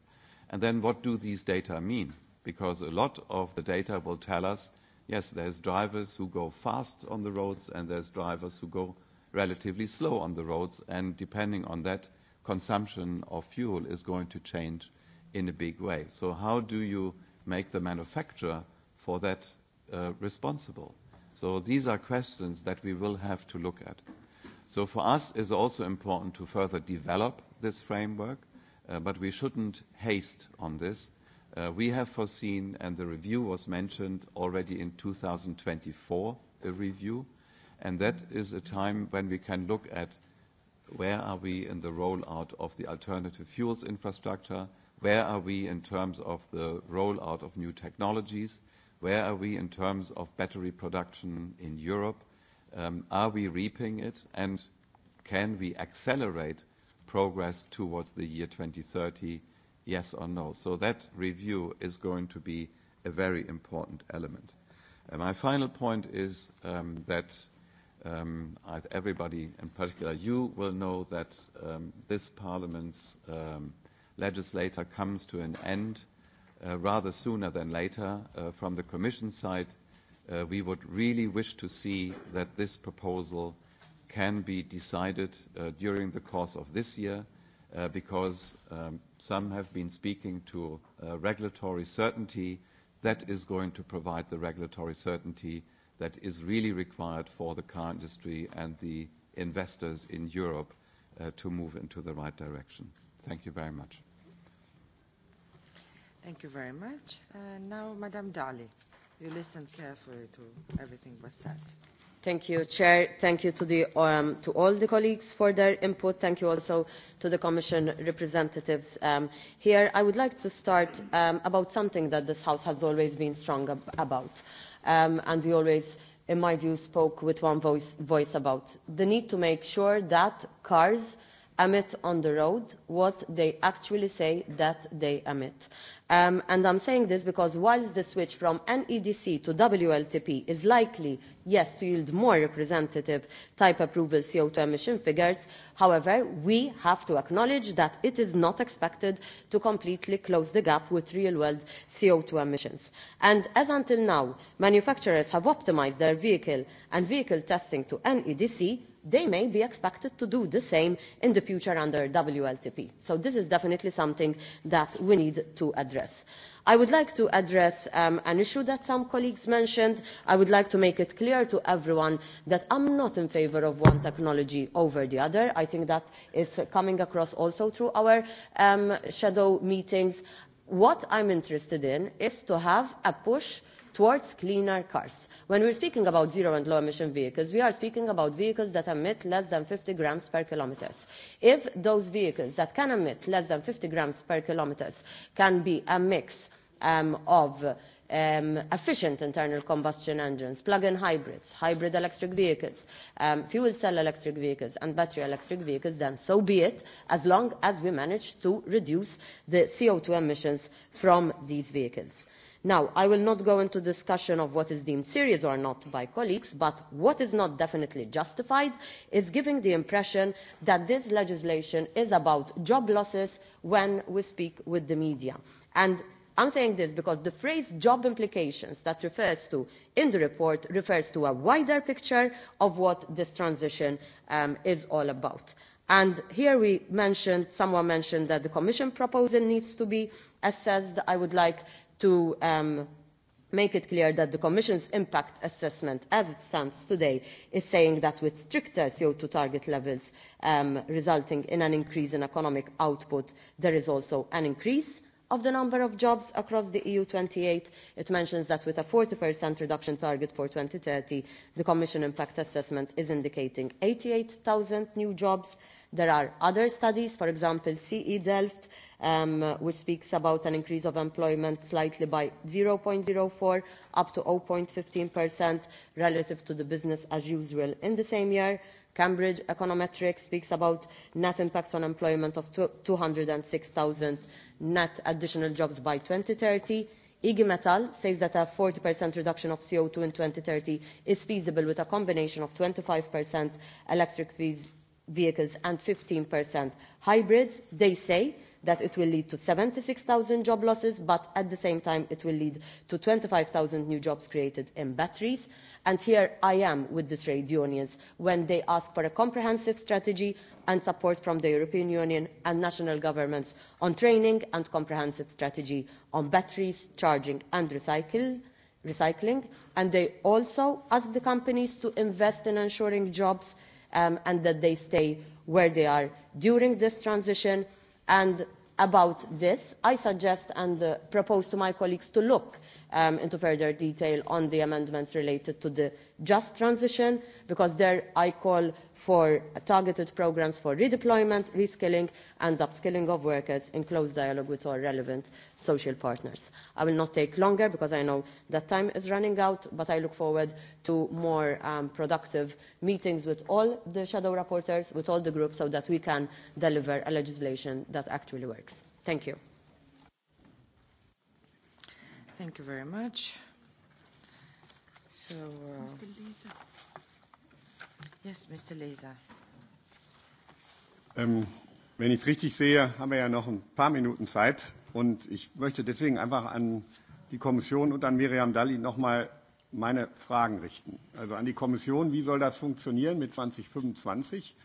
And then what do these data mean? Because a lot of the data will tell us, yes, there's drivers who go fast on the roads and there's drivers who go relatively slow on the roads, and depending on that, consumption of fuel is going to change in a big way. So how do you make the manufacturer for that uh, responsible? So these are questions that we will have to look at. So for us, it's also important to further develop this framework, uh, but we shouldn't haste on this. Uh, we have foreseen, and the review was mentioned already in 2024, a review. Uh, and that is a time when we can look at where are we in the rollout of the alternative fuels infrastructure, where are we in terms of the rollout of new technologies, where are we in terms of battery production in Europe, um, are we reaping it, and can we accelerate progress towards the year 2030, yes or no? So that review is going to be a very important element. And my final point is um, that um, everybody, in particular you, will know that um, this Parliament's um, legislator comes to an end uh, rather sooner than later. Uh, from the Commission side, uh, we would really wish to see that this proposal can be decided uh, during the course of this year uh, because um, some have been speaking to uh, regulatory certainty. That is going to provide the regulatory certainty uh, that is really required for the car industry and the investors in Europe uh, to move into the right direction. Thank you very much. Thank you very much. Uh, now, Madame Dali, you listened carefully to everything was said. Thank you, Chair. Thank you to, the, um, to all the colleagues for their input. Thank you also to the Commission representatives um, here. I would like to start um, about something that this House has always been strong ab about. Uh, um, and we always, in my view, spoke with one voice, voice about the need to make sure that cars emit on the road what they actually say that they emit. Um, and I'm saying this because whilst the switch from NEDC to WLTP is likely, yes, to yield more representative type approval CO2 emission figures, however, we have to acknowledge that it is not expected to completely close the gap with real-world CO2 emissions. And as until now, manufacturers have optimized their vehicle and vehicle testing to NEDC, they may be expected to do the same in the future under WLTP. So this is definitely something that we need to address. I would like to address um, an issue that some colleagues mentioned. I would like to make it clear to everyone that I'm not in favor of one technology over the other. I think that is coming across also through our um, shadow meetings. What I'm interested in is to have a push uh, towards cleaner cars. When we're speaking about zero and low emission vehicles, we are speaking about vehicles that emit less than 50 grams per kilometers. If those vehicles that can emit less than 50 grams per kilometers can be a mix um, of um, efficient internal combustion engines, plug-in hybrids, hybrid electric vehicles, um, fuel cell electric vehicles, and battery electric vehicles, then so be it, as long as we manage to reduce the CO2 emissions from these vehicles. Uh, Now, I will not go into discussion of what is deemed serious or not by colleagues, but what is not definitely justified is giving the impression that this legislation is about job losses when we speak with the media. And I'm saying this because the phrase job implications that refers to in the report refers to a wider picture of what this transition um, is all about. And here we mentioned, someone mentioned that the Commission proposal needs to be assessed. I would like to um, make it clear that the Commission's impact assessment as it stands today is saying that with stricter CO2 target levels um, resulting in an increase in economic output, there is also an increase of the number of jobs across the EU28. It mentions that with a 40% reduction target for 2030, the Commission impact assessment is indicating 88,000 new jobs There are other studies, for example, CE Delft, um, which speaks about an increase of employment slightly by 0.04 up to 0.15% relative to the business as usual in the same year. Cambridge Econometrics speaks about net impact on employment of 206,000 net additional jobs by 2030. IG Metal says that a 40% reduction of CO2 in 2030 is feasible with a combination of 25% electric vehicles and 15% hybrids. They say that it will lead to 76,000 job losses, but at the same time, it will lead to 25,000 new jobs created in batteries. And here I am with the trade unions when they ask for a comprehensive strategy and support from the European Union and national governments on training and comprehensive strategy on batteries, charging and recycling recycling, and they also ask the companies to invest in ensuring jobs um, and that they stay where they are during this transition. And about this, I suggest and uh, propose to my colleagues to look um, into further detail on the amendments related to the just transition, because there I call for targeted programs for redeployment, reskilling, and upskilling of workers in close dialogue with all relevant social partners. I will not take longer because I know that time is running out, but I look forward to more um, productive meetings with all the shadow rapporteurs, with all the groups, so that we can deliver a legislation that actually works. Thank you. Thank you very much. So, uh, Mr. Lisa. Yes, Mr. Leser. Ähm, wenn ich es richtig sehe, haben wir ja noch ein paar Minuten Zeit. Und ich möchte deswegen einfach an die Kommission und an Miriam Dalli nochmal meine Fragen richten. Also an die Kommission, wie soll das funktionieren mit 2025,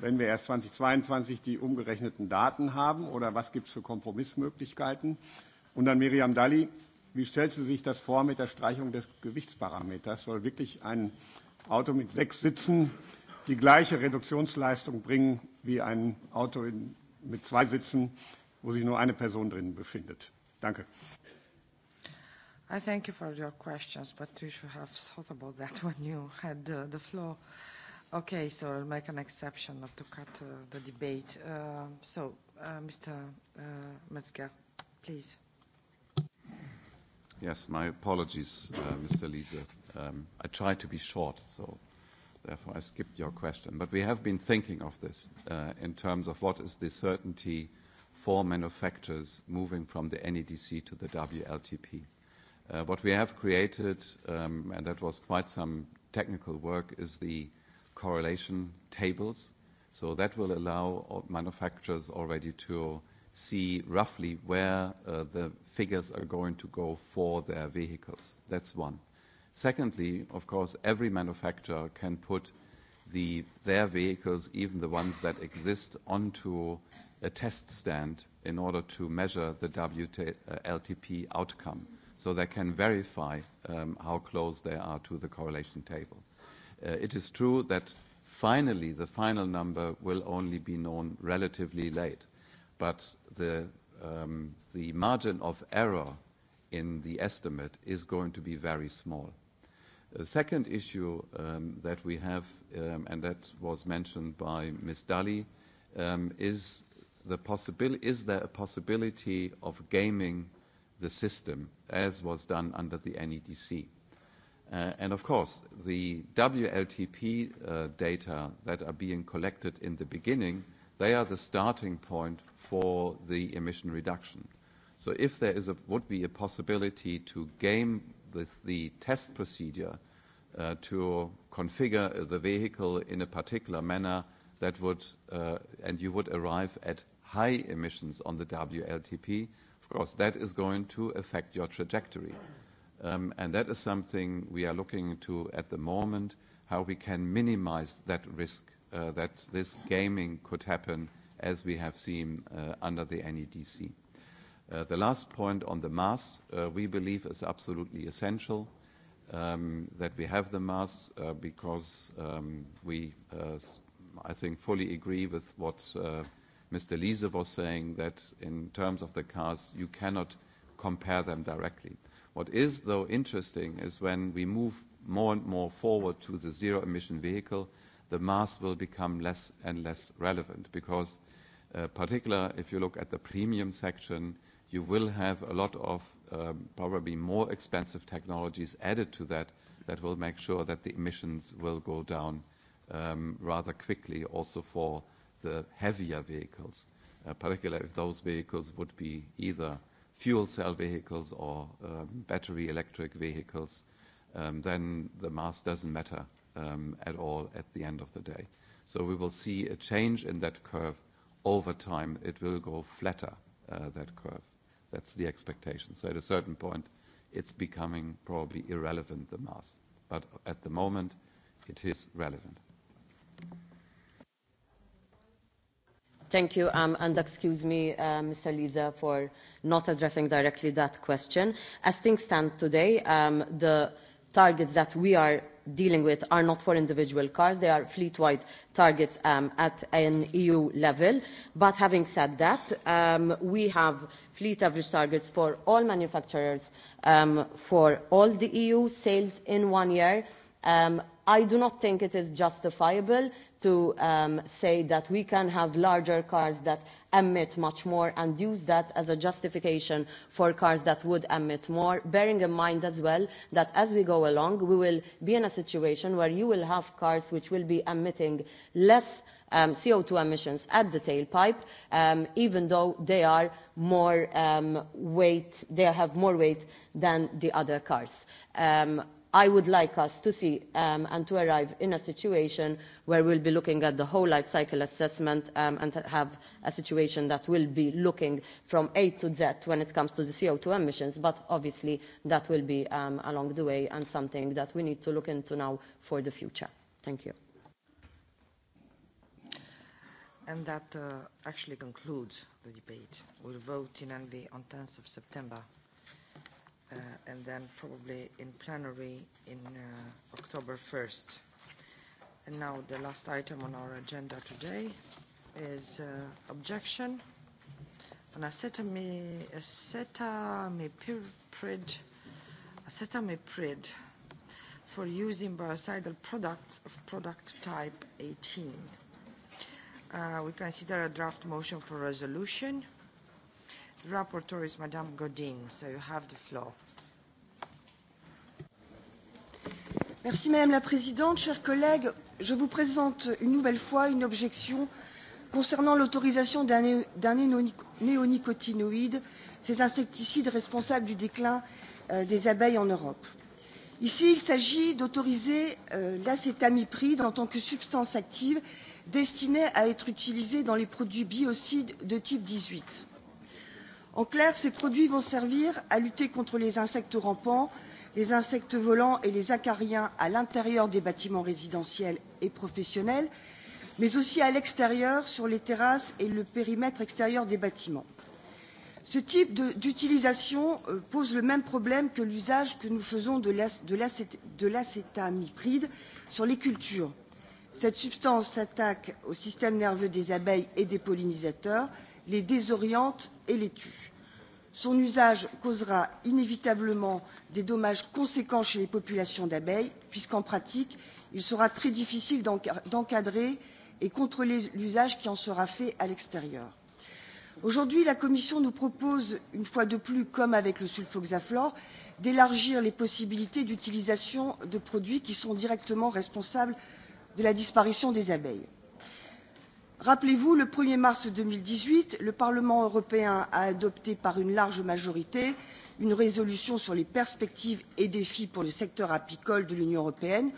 wenn wir erst 2022 die umgerechneten Daten haben? Oder was gibt es für Kompromissmöglichkeiten? Und an Miriam Dalli, Wie stellt sie sich das vor mit der Streichung des Gewichtsparameters? Soll wirklich ein Auto mit sechs Sitzen die gleiche Reduktionsleistung bringen wie ein Auto in, mit zwei Sitzen, wo sich nur eine Person drin befindet? Danke. I thank you for your questions, but you should have thought about that *laughs* when you had uh, the floor. Okay, so I'll make an exception not to cut uh, the debate. Uh, so, uh, Mr. Uh, Metzger, please. Yes, my apologies, uh, Mr. Liese. Um, I tried to be short, so therefore I skipped your question. But we have been thinking of this uh, in terms of what is the certainty for manufacturers moving from the NEDC to the WLTP. Uh, what we have created, um, and that was quite some technical work, is the correlation tables. So that will allow manufacturers already to uh, see roughly where uh, the figures are going to go for their vehicles. That's one. Secondly, of course, every manufacturer can put the, their vehicles, even the ones that exist, onto a test stand in order to measure the WT, uh, LTP outcome. So they can verify um, how close they are to the correlation table. Uh, it is true that finally the final number will only be known relatively late but the, um, the margin of error in the estimate is going to be very small. The second issue um, that we have, um, and that was mentioned by Ms. Dalli, um, is, the possibil- is there a possibility of gaming the system as was done under the NEDC? Uh, and of course, the WLTP uh, data that are being collected in the beginning, they are the starting point for the emission reduction. So if there is a, would be a possibility to game the, the test procedure uh, to configure the vehicle in a particular manner, that would, uh, and you would arrive at high emissions on the WLTP, of course, that is going to affect your trajectory. Um, and that is something we are looking into at the moment, how we can minimize that risk uh, that this gaming could happen as we have seen uh, under the NEDC. Uh, the last point on the mass, uh, we believe is absolutely essential um, that we have the mass uh, because um, we, uh, I think, fully agree with what uh, Mr. Liese was saying, that in terms of the cars, you cannot compare them directly. What is, though, interesting is when we move more and more forward to the zero-emission vehicle, uh, the mass will become less and less relevant because, uh, particular if you look at the premium section, you will have a lot of um, probably more expensive technologies added to that that will make sure that the emissions will go down um, rather quickly also for the heavier vehicles, uh, particularly if those vehicles would be either fuel cell vehicles or um, battery electric vehicles, um, then the mass doesn't matter um, at all at the end of the day. So we will see a change in that curve over time. It will go flatter, uh, that curve. That's the expectation. So at a certain point, it's becoming probably irrelevant, the mass. But at the moment, it is relevant. Thank you, um, and excuse me, uh, Mr. Lisa, for not addressing directly that question. As things stand today, um, the targets that we are dealing with are not for individual cars. They are fleet-wide targets um, at an EU level. But having said that, um, we have fleet average targets for all manufacturers um, for all the EU sales in one year. Um, I do not think it is justifiable to um, say that we can have larger cars that emit much more and use that as a justification for cars that would emit more, bearing in mind as well that as we go along, we will be in a situation where you will have cars which will be emitting less um, CO2 emissions at the tailpipe, um, even though they are more um, weight, they have more weight than the other cars. Um, I would like us to see um, and to arrive in a situation where we'll be looking at the whole life cycle assessment um, and have a situation that will be looking from A to Z when it comes to the CO2 emissions, but obviously that will be um, along the way and something that we need to look into now for the future. Thank you. And that uh, actually concludes the debate. We'll vote in Envy on 10th of September uh, and then probably in plenary in uh, October 1st. And now the last item on our agenda today is uh, objection on acetami, acetamiprid, acetamiprid for use in biocidal products of product type 18. Uh, we consider a draft motion for resolution. The rapporteur is Madame Godin, so you have the floor. Merci Madame la Présidente. Chers collègues, je vous présente une nouvelle fois une objection concernant l'autorisation d'un néonicotinoïde, ces insecticides responsables du déclin euh, des abeilles en Europe. Ici, il s'agit d'autoriser euh, l'acétamipride en tant que substance active destinée à être utilisée dans les produits biocides de type 18. En clair, ces produits vont servir à lutter contre les insectes rampants, euh, les insectes volants et les acariens à l'intérieur des bâtiments résidentiels et professionnels, mais aussi à l'extérieur, sur les terrasses et le périmètre extérieur des bâtiments. Ce type d'utilisation euh, pose le même problème que l'usage que nous faisons de l'acétamipride sur les cultures. Cette substance s'attaque au système nerveux des abeilles et des pollinisateurs, les désoriente et les tue. Son usage causera inévitablement des dommages conséquents chez les populations d'abeilles, puisqu'en pratique, il sera très difficile d'encadrer et contrôler l'usage qui en sera fait à l'extérieur. Aujourd'hui, la Commission nous propose, une fois de plus, comme avec le sulfoxaflor, d'élargir les possibilités d'utilisation de produits qui sont directement responsables de la disparition des abeilles rappelez vous le un er mars deux mille dix huit le parlement européen a adopté par une large majorité une résolution sur les perspectives et défis pour le secteur apicole de l'union européenne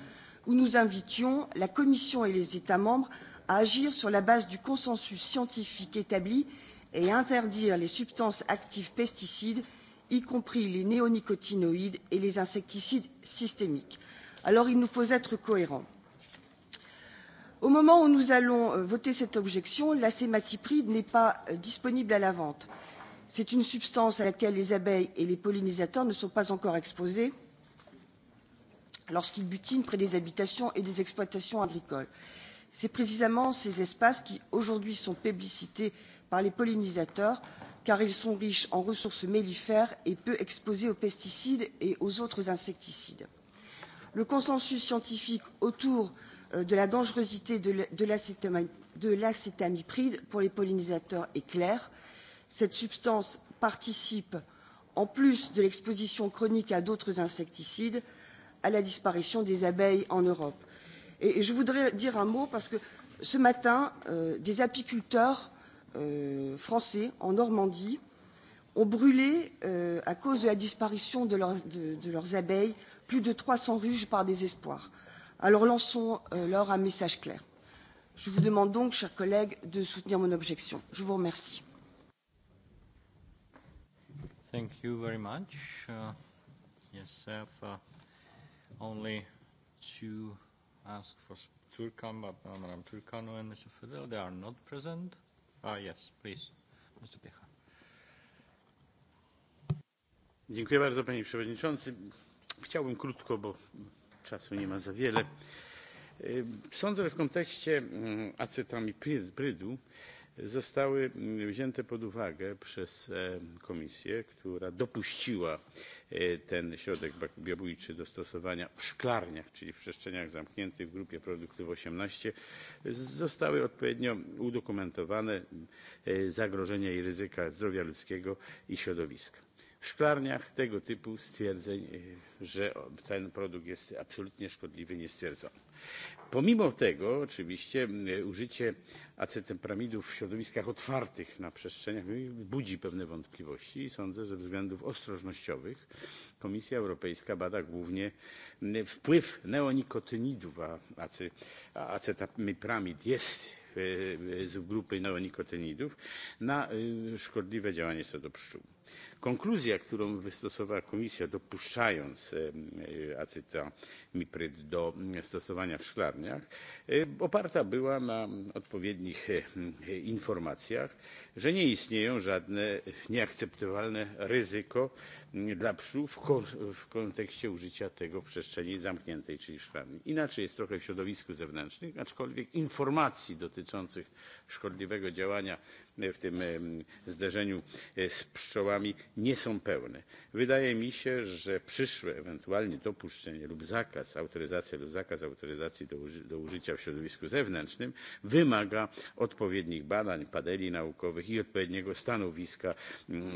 où nous invitions la commission et les états membres à agir sur la base du consensus scientifique établi et à interdire les substances actives pesticides y compris les néonicotinoïdes et les insecticides systémiques. alors il nous faut être cohérents. Au moment où nous allons euh, voter cette objection, l'acématipride n'est pas euh, disponible à la vente. C'est une substance à laquelle les abeilles et les pollinisateurs ne sont pas encore exposés lorsqu'ils butinent près des habitations et des exploitations agricoles. C'est précisément ces espaces qui, aujourd'hui, sont plébiscités par les pollinisateurs, car ils sont riches en ressources mellifères et peu exposés aux pesticides et aux autres insecticides. Le consensus scientifique autour Euh, de la dangerosité de l'acétamipride pour les pollinisateurs est claire. Cette substance participe, en plus de l'exposition chronique à d'autres insecticides, à la disparition des abeilles en Europe. Et je voudrais dire un mot parce que ce matin, euh, des apiculteurs euh, français en Normandie ont brûlé, euh, à cause de la disparition de, leur, de, de leurs abeilles, plus de 300 ruches par désespoir. Euh, Alors lançons euh, leur un message clair. Je vous demande donc, chers collègues, de soutenir mon objection. Je vous remercie. Thank you very much. Uh, yes, I have uh, only two ask for Turkan, but uh, Madam Turkano and Mr. Fidel, they are not present. Ah, yes, please, Mr. Piecha. Dziękuję bardzo, panie przewodniczący. Chciałbym krótko, bo Czasu nie ma za wiele. Sądzę, że w kontekście mm, acetamiprydu zostały mm, wzięte pod uwagę przez e, komisję, która dopuściła e, ten środek biobójczy do stosowania w szklarniach, czyli w przestrzeniach zamkniętych w grupie produktów 18. Zostały odpowiednio udokumentowane e, zagrożenia i ryzyka zdrowia ludzkiego i środowiska. W szklarniach tego typu stwierdzeń, że ten produkt jest absolutnie szkodliwy, nie stwierdzono. Pomimo tego oczywiście mm, użycie acetamipramidów w środowiskach otwartych na przestrzeniach budzi pewne wątpliwości i sądzę, że ze względów ostrożnościowych Komisja Europejska bada głównie mm, wpływ neonikotynidów, a acetamipramid jest z grupy neonikotynidów, na szkodliwe działanie co do pszczół. Konkluzja, którą wystosowała Komisja, dopuszczając e, acetamipryt do mm, stosowania w szklarniach, e, oparta była na odpowiednich e, informacjach, że nie istnieją żadne nieakceptowalne ryzyko mm, dla pszczół w kontekście użycia tego w przestrzeni zamkniętej, czyli w szklarni. Inaczej jest trochę w środowisku zewnętrznym, aczkolwiek informacji dotyczących szkodliwego działania w tym zderzeniu e, z pszczołami nie są pełne. Wydaje mi się, że przyszłe ewentualnie dopuszczenie lub zakaz, autoryzacja lub zakaz autoryzacji do, do użycia w środowisku zewnętrznym wymaga odpowiednich badań, paneli naukowych i odpowiedniego stanowiska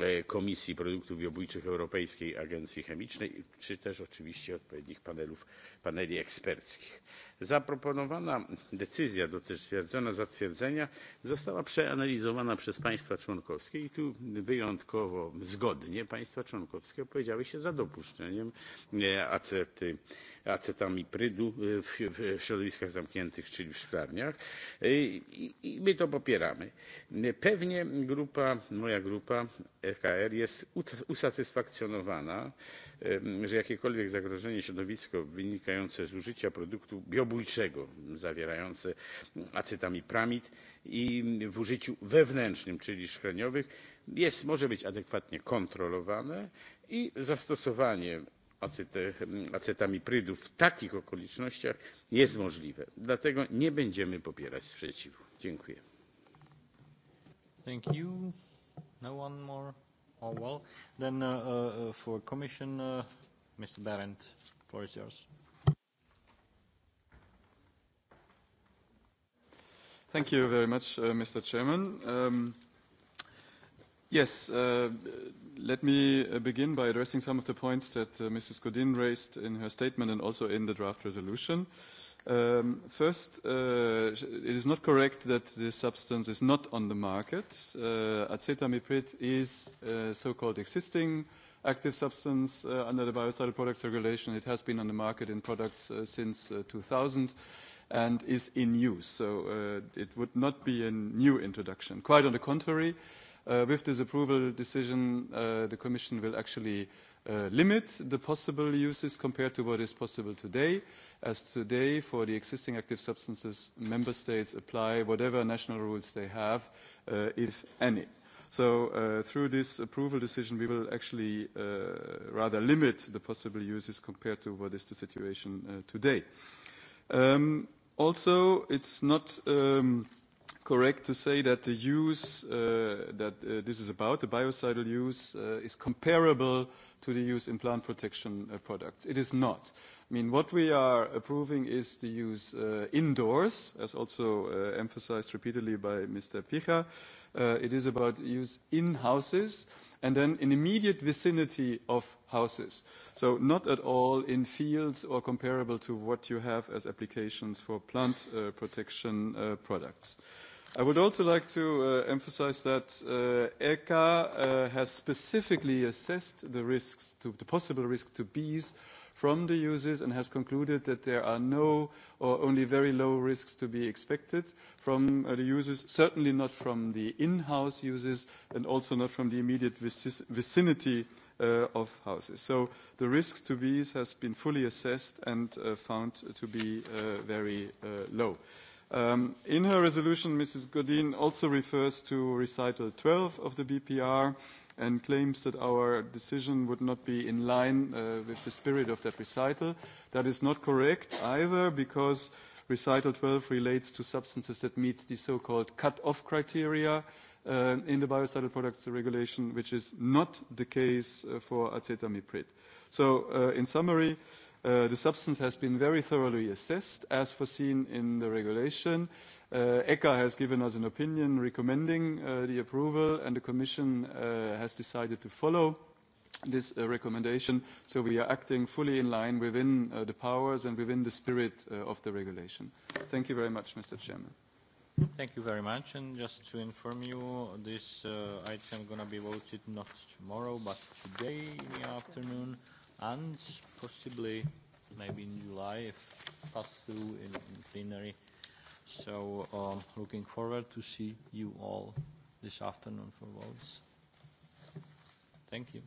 e, Komisji Produktów Biobójczych Europejskiej Agencji Chemicznej, czy też oczywiście odpowiednich panelów, paneli eksperckich. Zaproponowana decyzja dotyczy stwierdzenia zatwierdzenia została przeanalizowana przez państwa członkowskie i tu wyjątkowo zgodnie państwa członkowskie opowiedziały się za dopuszczeniem e, acety, acetamiprydu e, w, w środowiskach zamkniętych, czyli w szklarniach. E, I, I my to popieramy. Pewnie grupa, moja grupa EKR jest usatysfakcjonowana że jakiekolwiek zagrożenie środowiska wynikające z użycia produktu biobójczego zawierające acetamipramid i w użyciu wewnętrznym czyli szkleniowych jest, może być adekwatnie kontrolowane i zastosowanie acetamiprydów w takich okolicznościach jest możliwe. Dlatego nie będziemy popierać sprzeciwu. Dziękuję. Thank you. No one more Oh, well, then uh, uh, uh for Commission, uh, Mr. Berendt, floor is yours. Thank you very much, uh, Mr. Chairman. Um, yes, uh, let me uh, begin by addressing some of the points that uh, Mrs. Godin raised in her statement and also in the draft resolution. Uh, Um, first, uh, it is not correct that this substance is not on the market. Uh, acetamiprid is a so-called existing active substance uh, under the biocidal products regulation. It has been on the market in products uh, since uh, 2000 and is in use. So uh, it would not be a new introduction. Quite on the contrary, uh, with this approval decision, uh, the Commission will actually uh, uh, limit the possible uses compared to what is possible today, as today for the existing active substances, member states apply whatever national rules they have, uh, if any. So uh, through this approval decision, we will actually uh, rather limit the possible uses compared to what is the situation uh, today. Um, also, it's not um, – correct to say that the use uh, that uh, this is about, the biocidal use, uh, is comparable to the use in plant protection uh, products? It is not. I mean, what we are approving is the use uh, indoors, as also uh, emphasized repeatedly by Mr. Picha. Uh, it is about use in houses and then in immediate vicinity of houses. So not at all in fields or comparable to what you have as applications for plant uh, protection uh, products. Uh, I would also like to uh, emphasize that uh, ECHA uh, has specifically assessed the risks, to, the possible risk to bees from the uses and has concluded that there are no or only very low risks to be expected from uh, the uses, certainly not from the in-house uses and also not from the immediate vic vicinity uh, of houses. So the risk to bees has been fully assessed and uh, found to be uh, very uh, low. Uh, Um, in her resolution, Mrs. Godin also refers to recital 12 of the BPR and claims that our decision would not be in line uh, with the spirit of that recital. That is not correct either because recital 12 relates to substances that meet the so-called cut-off criteria uh, in the biocidal products regulation, which is not the case uh, for acetamiprid. So uh, in summary, uh, Uh, the substance has been very thoroughly assessed as foreseen in the regulation. Uh, ECHA has given us an opinion recommending uh, the approval and the Commission uh, has decided to follow this uh, recommendation. So we are acting fully in line within uh, the powers and within the spirit uh, of the regulation. Thank you very much, Mr. Chairman. Thank you very much. And just to inform you, this uh, item going to be voted not tomorrow, but today in the afternoon. Okay and possibly maybe in July if passed through in, in plenary. So um, looking forward to see you all this afternoon for votes. Thank you.